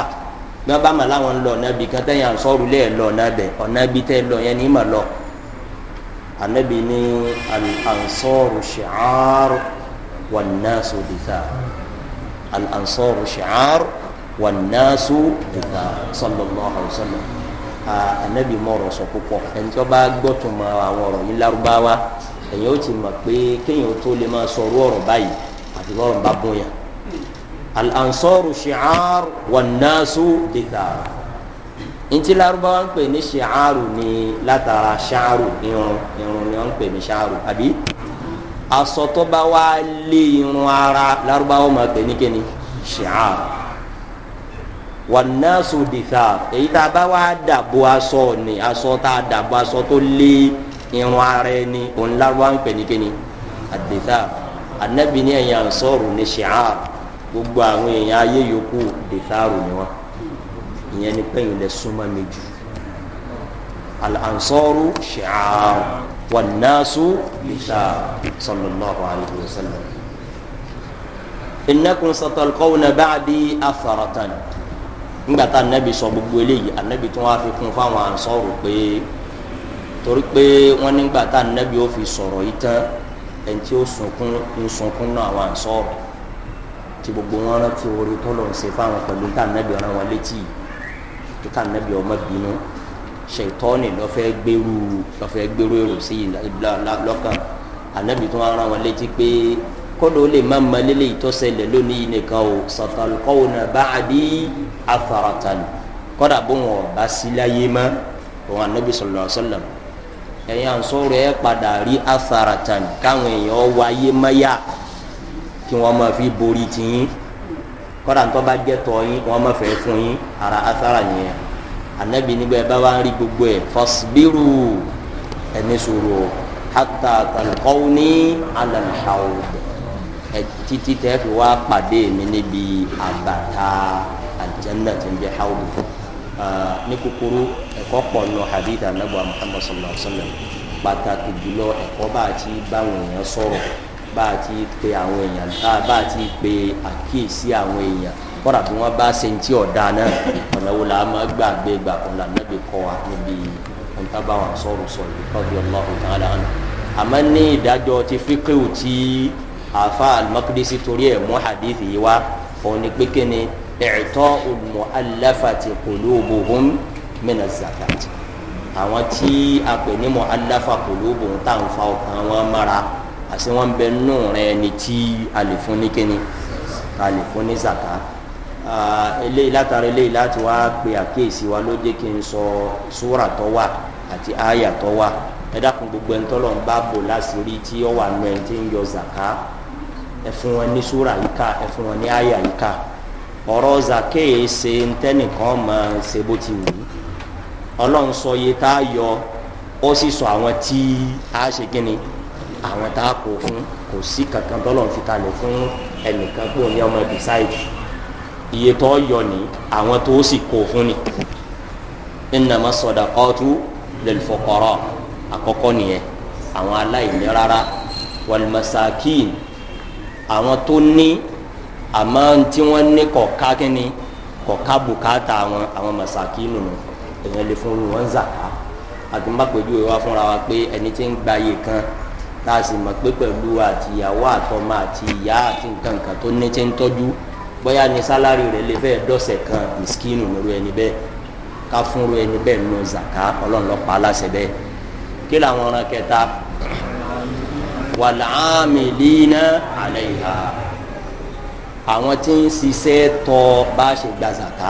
bí bá mọ̀ láwọn ń lọ ọ̀nà bí sọ́ọ̀rù lẹ́ẹ̀ lọ ọ̀nà bẹ̀ ọ̀nà lọ yẹn ní mà lọ anabi ní al-ansọ́rù ṣìcàr wànásù dìtà al-ansọ́rù ṣìcàr wànásù dìtà sallallahu alayhi wa sallam anabi mọ̀rọ̀ sọ púpọ̀ ẹni tí wọ́n bá gbọ́ tó mọ àwọn ọ̀rọ̀ yìí lárúbáwá ẹ̀yin ó ti tó lè máa sọ orú ọ̀rọ̀ báyìí àti lọ́rùn bá bóyá al-ansọ́rù ṣìcàr wànásù dìtà ntí larubawa ń pè ní ṣaaru ni látara ṣaaru irun irun ni wọn ń pè ní ṣaaru àbí asọtọba wa lé irun ara larubawa máa pè ní kíni ṣaaru wànásù dìtà èyí tá a bá wá dàbò aṣọ ni aṣọ tá a dàbò aṣọ tó lé irun ara ẹni òun larubawa ń pè ní kíni àdìtà anabi ní ẹ̀yàn sọ̀rọ̀ ní ṣaaru gbogbo àwọn èèyàn ayé yòókù dìtàrù ni wọn ìyẹn ni pé ìyẹn lè súnmọ́ mi jù al-ansoru shi'ar wal-nasu bishar sallallahu alayhi wa sallam innakun satalqawna ba'di atharatan nígbà tá anabi sọ gbogbo eléyìí anabi tún wá fi kún fáwọn ansoru pé torí pé wọn nígbà tá anabi ó fi sọ̀rọ̀ yìí tán ẹni ó sunkún ń náà àwọn ansoru tí gbogbo wọn rántí orí tó ń ṣe fáwọn pẹ̀lú tá anabi rán wọn létí yìí kíkà nàbí ọmọ bínú ṣètọ́ni lọ́fẹ́ gbèrú lọ́fẹ́ gbèrú èrò sí lọ́kàn ànábì tó ara wọn létí pé kódò ó lè má ma lélẹ̀ ìtọ́sẹ̀lẹ̀ lónìí nìkan o sàtàlùkọ́wò náà bá a bí afaratan kódà bó wọn bá sí láyé mọ́ òun ànábì sọlọ sọlọ ẹ̀yin ànsọ́rọ̀ ẹ̀ padà rí afaratan káwọn èèyàn wáyé mọ́yà kí wọ́n máa fi borí tìyín kọ́ra ń tọ́ba jẹ́ tọ́ yín wọ́n má fẹ́ fún yín ara asára nìyẹn anabi nígbà bá wà ń rí gbogbo ẹ̀ fọ́sibírù ẹni sòrò hàtà tàlùkọ́wù ní alàlùhàwù ẹ títí tẹ́ fi wá pàdé mi níbi àbàtà àjẹ́nà tí ń jẹ́ hàwù ní kúkúrú ẹ̀kọ́ pọ̀ nù hadith anabu muhammad sallallahu alayhi wa sallam pàtàkì jùlọ ẹ̀kọ́ bá a ti báwọn èèyàn sọ̀rọ̀ bá a ti pe àwọn èèyàn bá a ti pe àkíyèsí àwọn èèyàn kọ́ra bí wọ́n bá ṣe ń tí ọ̀dà náà ọ̀nà wo la máa gbà gbé gbà ọ̀nà nàbì kọ́ wa níbi nǹkan bá wọn sọ̀rọ̀ sọ̀rọ̀ lọ́dọ̀ ọlọ́run kan lára nù. àmọ́ ní ìdájọ́ ti fíkìrù tí àfa alimakidisi torí ẹ̀ mú hadithi yìí wá òun ni pé kíni ẹ̀tọ́ olùmọ̀ aláfàtì kòlóòbòhún mẹ́nà zakat àwọn tí a pè ní mọ̀ aláfà kòlóòbòhún táwọn fa ọkàn wọn mára àti wọn bẹ nù rẹ ni tí a lè fún ní kíni a ní zaka eléyìí látara eléyìí láti wá pe àkíyèsí wa ló jẹ́ kí n sọ súrà tó wà àti àyà tó wà ẹ dákun gbogbo ẹni tọ́lọ̀ ń bá bò láṣìírí tí ó wà nù ẹ ti ń yọ zaka ẹ fún wọn ní súrà yìí ká ẹ fún wọn ní àyà yìí ká ọ̀rọ̀ zaka yìí ṣe ntẹ́nìkan mọ̀ ṣe bó ti wù ú ọlọ́run sọ iye tá a yọ ó sì sọ àwọn tí a ṣe kí àwọn tá a kò fún kò sí kankan tọ́lọ̀ fi kalẹ̀ fún ẹnìkan pò ní ọmọ bísáìdì iye tó yọ ní àwọn tó sì kò fún ni innama sadaqatu lil fuqara àkọ́kọ́ nìyẹn àwọn aláìní rárá wal masakin àwọn tó ní àmọ́ tí wọ́n ní kọ̀ọ̀ká kínní kọ̀ọ̀ká bùkátà àwọn àwọn masakínù nù èèyàn lè fún wọn zàká àti mbàpẹ̀jú wa fúnra wa pé ẹni tí ń gba iye kan tá a sì mọ̀ pé pẹ̀lú àtìyàwó àtọmọ àti ìyá àti nǹkan kan tó ní ti ń tọ́jú bóyá ni sálárì rẹ̀ lè fẹ́ẹ́ dọ̀sẹ̀ kan mìskínù nírú ẹni bẹ́ẹ̀ ká fúnru ẹni bẹ́ẹ̀ nù zàká ọlọ́run lọ́pàá aláṣẹ bẹ́ẹ̀ kí làwọn ọ̀ràn kẹta wàlámìlínà àlẹ́ ìhà àwọn tí ń ṣiṣẹ́ tọ́ bá ṣe gba zàká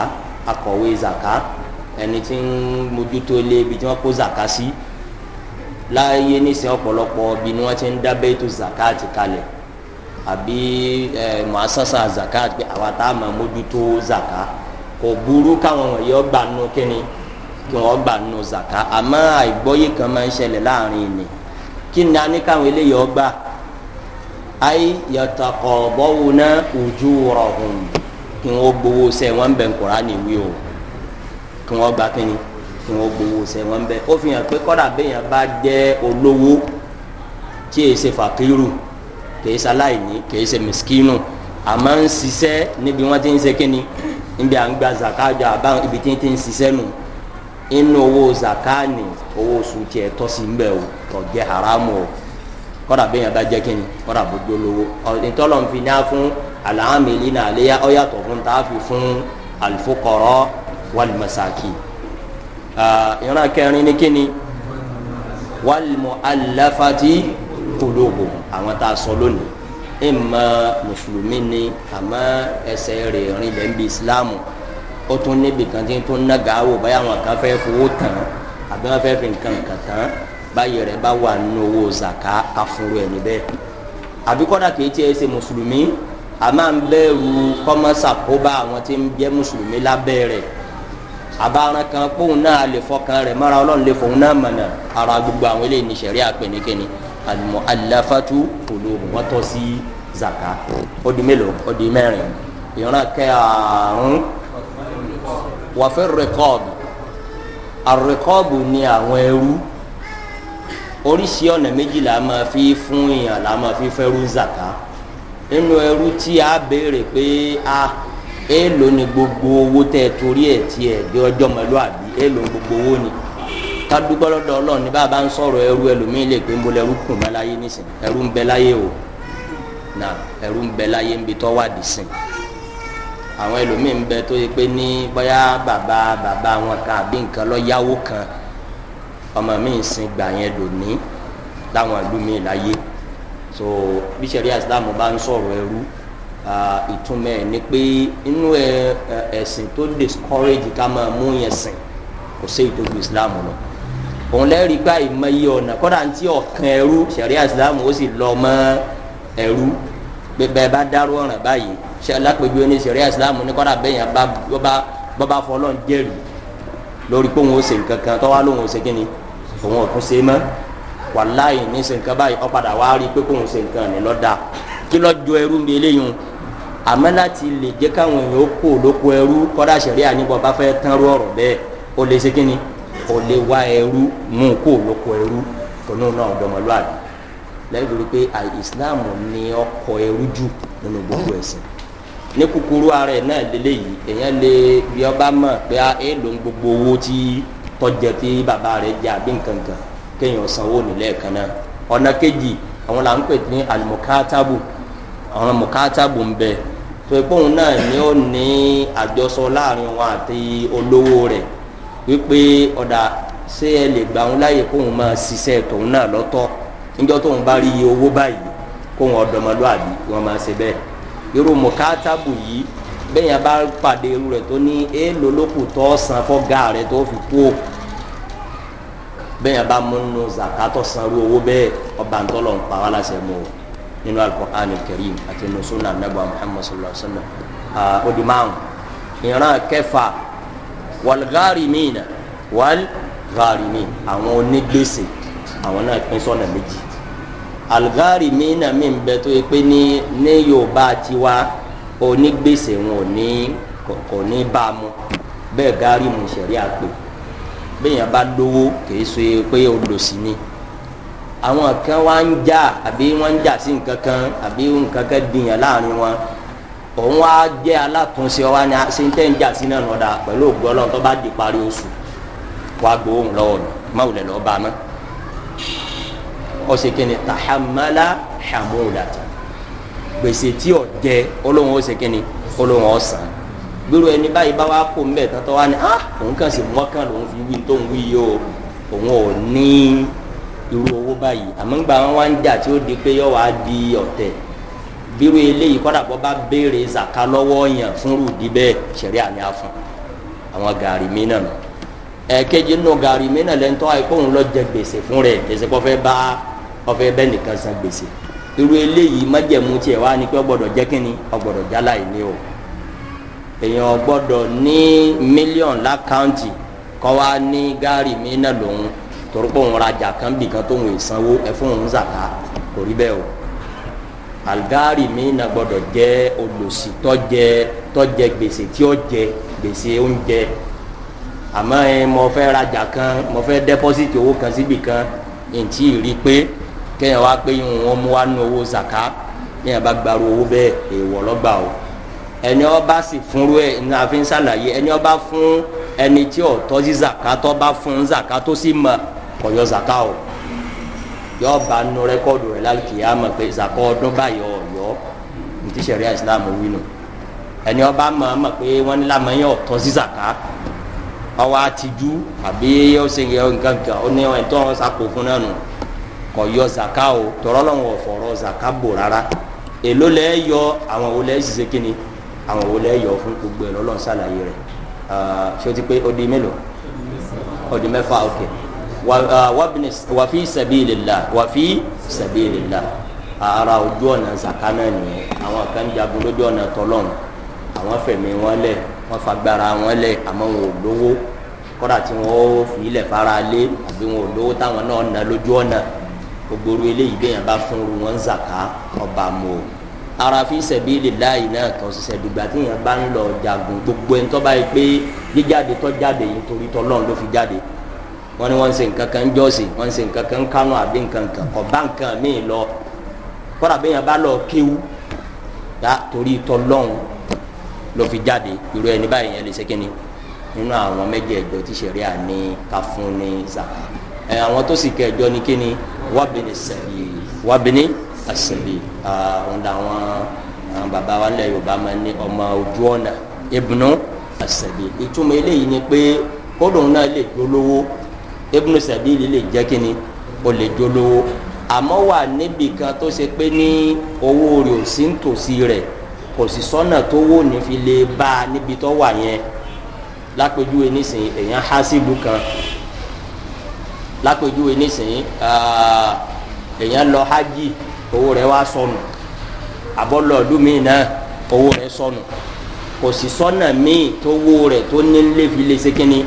akọ̀wé zàká ẹni tí ń mójútó lé ibi tí wọ́n kó zàká sí. Si láàyè nísìnyí ọ̀pọ̀lọpọ̀ bí ni wọ́n ti ń dábẹ́ tó zakat kalẹ̀ àbí ẹ mọ̀ásásá zakat pé àwa tá a máa mójútó zaka kò burú káwọn wọ̀nyí ọgbà nù kínní kí wọ́n gbà nù zaka àmọ́ àìgbọ́yé kan máa ń ṣẹlẹ̀ láàrin ìní kí ni a ní káwọn eléyìí ọgbà ayé bọ́wọ́ náà ojú kí wọ́n gbowó sẹ́ wọ́n bẹ̀ o kí wọ́n gbà kí wọ́n gbowó sẹ́wọ̀n bẹ́ẹ̀ ó fi hàn pé kọ́dà béèyàn bá jẹ́ olówó tí èyí ṣe fàkírù kìí ṣe aláìní kìí ṣe mìskínù àmọ́ ń ṣiṣẹ́ níbi wọ́n ti ń ṣe kíni níbi à ń gba ibi tí ń ti ń ṣiṣẹ́ nù inú owó zakani owó oṣù tiẹ̀ tọ́ sí o tọ́ jẹ́ haramu o kọ́dà béèyàn bá jẹ́ kíni kọ́dà bó gbólówó ìtọ́lọ̀ ń fi ní a fún alhamdulilayi náà léyà ọ̀yàtọ̀ fún tá fi fún ìran kẹrin ni kíni wàlmù aláfàtì kòlóògù àwọn tá a sọ lónìí ìmọ̀ mùsùlùmí ni àmọ́ ẹsẹ̀ rẹ̀ rìn lẹ́ ń bi ìsìláàmù ó tún níbi kan tí tó nága wò báyà àwọn kan fẹ́ fowó tán àbí wọ́n fẹ́ fi nǹkan kan tán báyìí rẹ̀ bá wà nínú owó zaka afúnru ẹ̀ níbẹ̀ àbí kọ́dà kìí tiẹ̀ ṣe mùsùlùmí àmọ́ à ń bẹ̀rù kọ́mọ́sàkóbá àwọn tí ń jẹ́ mùsùlùmí lábẹ́ rẹ̀ abaran kan kpóhùn náà lè fọkàn rẹ mara ọlọ́run lè fọhùn náà mọ̀nà ara gbogbo àwọn eléyìí ní sẹ̀ríà pẹ̀lẹ́kẹ́ni alimọ̀ alafatu kòló wọ́n tọ́ sí zaka ó di mélòó ó di mẹ́rin ìran kẹrùn-ún wàfẹ́ rẹkọ́ọ̀bù àrẹkọ́ọ̀bù ni àwọn ẹrú oríṣi ọ̀nà méjì la máa fi fún èèyàn la máa fi fẹ́rú zaka nínú ẹrú tí a béèrè pé a. Ah, èèlò ni gbogbo owó tẹ torí ẹ tiẹ dé ọjọ́ mọlúàbí èèlò gbogbo owó ni kádúgbò lọ́dọ̀ Ọlọ́run ní bàbá ń sọ̀rọ̀ ẹrú ẹlòmíín lè gbé ń ẹrú kùn mọ láyé nísìnyí ẹrú ń bẹ láyé o na ẹrú ń bẹ láyé ń bi tọ́ wà dì sìn àwọn ẹlòmíín ń bẹ tó yẹ pé ní bóyá bàbá bàbá wọn kan àbí nǹkan lọ yáwó kan ọmọ mi ń sin gbà yẹn lónìí láwọn ìlú mi láyé so bí sẹ́rí àsìlámù bá ń sọ̀rọ̀ ẹrú ìtumọ̀ ẹ̀ ni pé inú ẹ̀sìn tó discourage ká máa mú yẹn sìn kò sí ìtòkù islam lọ òun lẹ́rìí pé àìmọye ọ̀nà kọ́dà tí ọ̀kan ẹrú sẹ̀ríà islam ó sì lọ mọ́ ẹrú bẹ́ẹ̀ bá dárú ọ̀ràn báyìí lápẹ̀jù ní sẹ̀ríà islam ní kọ́dà bẹ́ẹ̀ yẹn bábá fọlọ́n jẹ́rìí lórí pé òun ó ṣe nǹkan kan tọ́wá lóun ó ṣe kí ni òun ò tún ṣe mọ́ wàláì ní ṣe nǹkan báyìí ọ̀padà wá rí pé kóun ṣe nǹkan ní lọ́dà kí lọ́jọ́ ẹrú mi eléyìí àmọ́ láti lè jẹ́ káwọn èèyàn ó kó lóko ẹrú kọ́dà sẹ̀rí àníbọ̀ bá fẹ́ tán rú ọ̀rọ̀ bẹ́ẹ̀ ó lè ṣe kínni ó lè wá ẹrú mú kó lóko ẹrú náà ọ̀dọ́mọlúwàbí lẹ́yìn pé islam ní ọkọ̀ ẹrú jù nínú gbogbo ẹ̀sìn ní kúkúrú ara ẹ̀ náà lélẹ́yìí èèyàn lè bí mọ̀ pé ah, ẹ ló ń gbogbo owó tí tí bàbá rẹ̀ àbí kéèyàn sanwó nílẹ̀ kan náà ọ̀nà kejì àwọn là ń pè tòkóhùn náà ni ó ní àjọsọ láàrin wọn àti olówó rẹ̀ wípé ọ̀dà ṣé ẹ lè gbà wọn láàyè kóhùn máa ṣiṣẹ́ tòun náà lọ́tọ́ níjọ́ tóun bá rí owó báyìí kóhùn ọ̀dọ́mọlúàbí wọn máa ṣe bẹ́ẹ̀ irú yìí bẹ́ẹ̀ yẹn bá pàdé ní èèlò lókù san fọ́gà rẹ̀ tó fi kú bẹ́ẹ̀ yẹn bá múnú zakatọ̀ sanrú owó ọba ń pa wá láṣẹ mú nínú alukur'an kareem àti nínú sunna anabu muhammad sallallahu alaihi wa sallam odi márùn ìran kẹfà wàlgàrìmìnà wàlgàrìmìn àwọn onígbèsè àwọn náà pín sọ́nà méjì algàrìmìnà mi ń bẹ tó yẹ pé ní ní yorùbá tiwa onígbèsè wọn ò ní kò ní bá a mu bẹ́ẹ̀ gàrìmù sẹ̀rí àpè bẹ́ẹ̀ yẹn bá lówó kì í ṣe pé olùsí ni àwọn kan wá ń jà àbí wọ́n ń jà sí nǹkan kan àbí nǹkan kan dìyàn láàrin wọn òun wá jẹ́ alátúnṣe wa ni ṣe ń tẹ́ ń jà sí náà lọ́dà pẹ̀lú ògbó ọlọ́run tó bá di parí oṣù wá gbóhùn lọ́wọ́ mi máa wulẹ̀ lọ́ọ́ bá a mọ́ ọ̀sẹ̀ kìíní tahamala hamulata gbèsè tí ò jẹ olóhùn ọ̀sẹ̀ kìíní olóhùn ọ̀sán gbèrò ẹni báyìí bá wá kó mbẹ tán wá ní ah òun kàn sí mọ́kàn lòun fi wí tó wí yìí o òun ò ní irú owó báyìí àmọ́ gba wọn wá ń jà tí ó di pé yọ wá di ọ̀tẹ̀ bírú eléyìí kọ́dà bọ́ bá béèrè zaka lọ́wọ́ yàn fún rúdi bẹ́ẹ̀ sẹ̀rí àmì àfọ̀n àwọn gàrí mi náà ẹ̀ẹ́kejì nù gàrí mi náà lẹ́ńtọ́ àìkóhun lọ jẹ gbèsè fún rẹ̀ kẹsẹ̀ kọ́ fẹ́ bá ọfẹ́ bẹ́ẹ̀ nìkan san gbèsè irú eléyìí májẹ̀mú tiẹ̀ wá ni pé ọgbọ́dọ̀ jẹ́ kínni ọgbọ́dọ̀ jálá ìní o èèyàn ọgbọ́dọ̀ ní mílíọ̀n lákàntì kọ́ wá ní gàrí mi náà lòun torí pé òun rajà kan bì kan tó ń ẹ fún òun zàká kò rí bẹ́ẹ̀ o algari mi na gbọdọ jẹ olùsí tọjẹ tọjẹ gbèsè tí ó jẹ gbèsè oúnjẹ àmọ́ ẹ mọ fẹ́ rajà kan mọ fẹ́ dẹ́pọ́sìtì owó kan síbì kan ntí rí pé kẹ́yìn wá pé ìhùn wọn mú wá nu owó zàká kẹ́yìn bá gbaru owó bẹ́ẹ̀ èèwọ̀ lọ́gbà o ẹni ọba sì fúnru ẹ ní àfi ń ṣàlàyé ẹni ọba fún ẹni tí ọ̀tọ́ sí zàká tó bá fún zàká tó sì mọ̀ kọyọ zaka o yọ ba nu rẹkọdu rẹ lálùkìyà mọ pé zaka ọdún báyìí ọyọ ntí sẹríà islam wí nù ẹni ọba mọ mọ pé wọn ní lamọ yẹn ọtọ sí zaka ọwọ àtijú àbí yóò ṣe nǹkan kan ó ní ẹtọ sako fún náà nù kọyọ zaka o tọrọ lọwọ fọrọ zaka bò rárá èló lẹ yọ àwọn wo lẹ ṣiṣẹ kíni àwọn wo lẹ yọ fún gbogbo ẹ lọlọrun ṣàlàyé rẹ ṣé o ti pé ó mélòó ó di mẹfà ok wàfi uh, sabilillah wàfi sabilillah ara ojú ọ̀nà zakana nìyẹn àwọn kan jagun lójú ọ̀nà tọlọ́run àwọn fẹ̀mí wọn lẹ̀ wọn fagbára wọn lẹ̀ àmọ́ wọn ò lówó kọ́dà tí wọ́n ó fi ilẹ̀ fara lé àbí wọn ò lówó táwọn náà na lójú ọ̀nà gbogbo orí eléyìí bẹ́ẹ̀ yẹn bá fún un wọn ń zàká ọba mọ́ o ara fi sabilillah náà kan ṣiṣẹ́ dùgbà tí yẹn bá ń lọ jagun gbogbo ẹni tó bá yẹ pé jíjáde tó jáde yìí torí tọ́lọ́run ló fi jáde wọ́n ní wọ́n ń ṣe nǹkan kan jọ́sì wọ́n ń ṣe nǹkan kan kánú àbí nǹkan kan ọ̀bá nǹkan míì lọ kọ́ra bẹ́ẹ̀ yẹn bá lọ kéwú dá torí tọ́lọ́hún ló fi jáde irú ẹni báyìí yẹn lè ṣe kíni nínú àwọn mẹ́jẹ̀ẹ̀jọ tí sẹ̀ríà ní ká fún ní zaka ẹ̀ àwọn tó sì kẹjọ ní kíni wábìnrin sẹ̀bi wábìnrin àṣẹ̀bi àwọn làwọn àwọn bàbá wa lẹ̀ yorùbá máa ní ọmọ ojú ọ̀nà ìbùnú àṣẹ̀bi ìtumọ̀ eléyìí ni pé kódòun náà lè gbólówó ibnu sabili le jẹ́ kínní o lè jolówó àmọ́ wà níbi kan tó ṣe pé ní owó rẹ̀ ò sí nítòsí rẹ̀ kò sì sọ́nà tó wò ní fi lè bá a níbi tó wà yẹn lápèjúwe nísìnyí èèyàn há sílù kan lápèjúwe nísìnyí ah, èèyàn lọ hajj owó rẹ̀ wá sọnù àbọ̀lọ̀ ọdún míì náà owó rẹ̀ sọnù kò sì sọ́nà míì tó wò rẹ̀ tó ní lè fi lè ṣe kínní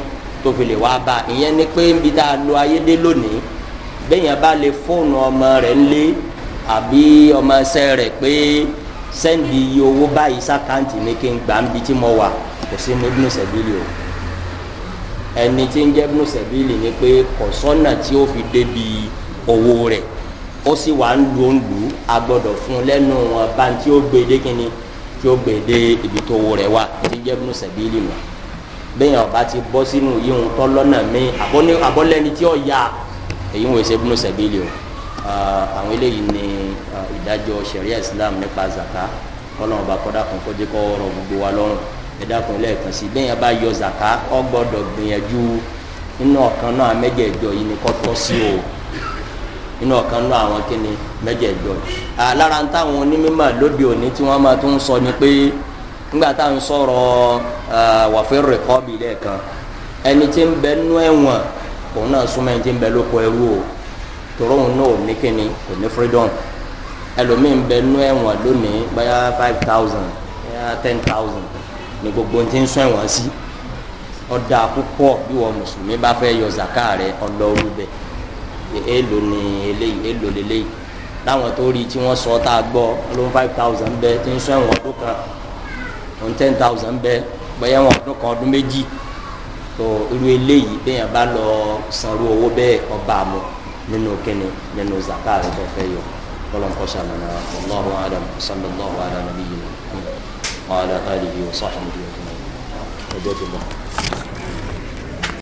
tó fi lè wá bá ìyẹn ni pé níbi tá a lo ayédè lónìí bẹ́ẹ̀yàn bá lè fóònù ọmọ rẹ̀ ńlé àbí ọmọ ẹsẹ̀ rẹ̀ pé sẹ́ǹdì iye owó báyìí sàkáǹtì ni kí n gbà ń bi tí mo wà kò sí ní bínú sẹ́bílì o ẹni tí ń jẹ́ bínú sẹ́bílì ni pé kò sọ́nà tí ó fi débi owó rẹ̀ ó sì wà ń lu òǹlù agbọ́dọ̀ fún lẹ́nu wọn tí ó gbé dé kínní tí ó gbé dé ibi tó owó rẹ̀ wà tí jẹ́ bínú sẹ́bílì mọ́ bẹ́ẹ̀ ọba ti bọ́ sínú yíyún tọ́lọ́nà mi àbọ̀lẹ́ni tí ó yá èyí ń wèsè bínú sẹ́bílì o àwọn eléyìí ni ìdájọ́ sẹ̀ríà islam nípa zaka kọ́lọ́n ọba kọ́dà kan kó jẹ́ kọ́ ọ̀rọ̀ gbogbo wa lọ́rùn ẹ̀dá kan lẹ́ẹ̀kan sí bẹ́ẹ̀ bá yọ zaka ọ gbọ́dọ̀ gbìyànjú nínú ọ̀kan náà mẹ́jẹ̀ẹ̀jọ yìí ni kọ́ tọ́ sí o nínú ọ̀kan náà àwọn kíni mẹ́jẹ̀ẹ̀jọ yìí lára ń táwọn onímọ̀ lóde òní tí wọ́n máa tún sọ ni pé ńgbà tá à ń sọ̀rọ̀ wàfẹ́ rẹ̀kọ́bì lẹ́ẹ̀kan ẹni tí ń bẹ nú ẹ̀wọ̀n òun náà súnmọ́ ẹni tí ń bẹ lóko ẹrú o tòró òun náà ní kíni kò ní freedom ẹlòmíì ń bẹ nú ẹ̀wọ̀n lónìí báyà five thousand báyà ten thousand ní gbogbo ti ń sún ẹ̀wọ̀n sí ọ̀dà púpọ̀ bí wọ́n mùsùlùmí bá fẹ́ yọ zaka rẹ̀ ọ̀dọ̀ olúbẹ̀ èèlò ni eléyìí èèlò lélẹ́yìí láwọn tó rí tí wọ́n sọ tá a gbọ́ ló five thousand bẹ́ẹ̀ ti ń sún ẹ̀wọ̀n ọdún kan on ten thousand bẹ́ẹ̀ bẹ́ẹ̀ wọn ọdún kan ọdún méjì tó irú eléyìí bẹ́ẹ̀ yẹn bá lọ sanwó owó bẹ́ẹ̀ ọba àmọ́ nínú kíni nínú zaka rẹ̀ tó yọ kọ́lọ́nkọ́ sàmìnà ọlọ́run adam sallallahu ala nabiyina wa ala alihi wa sahbihi wa sallam tó bọ̀.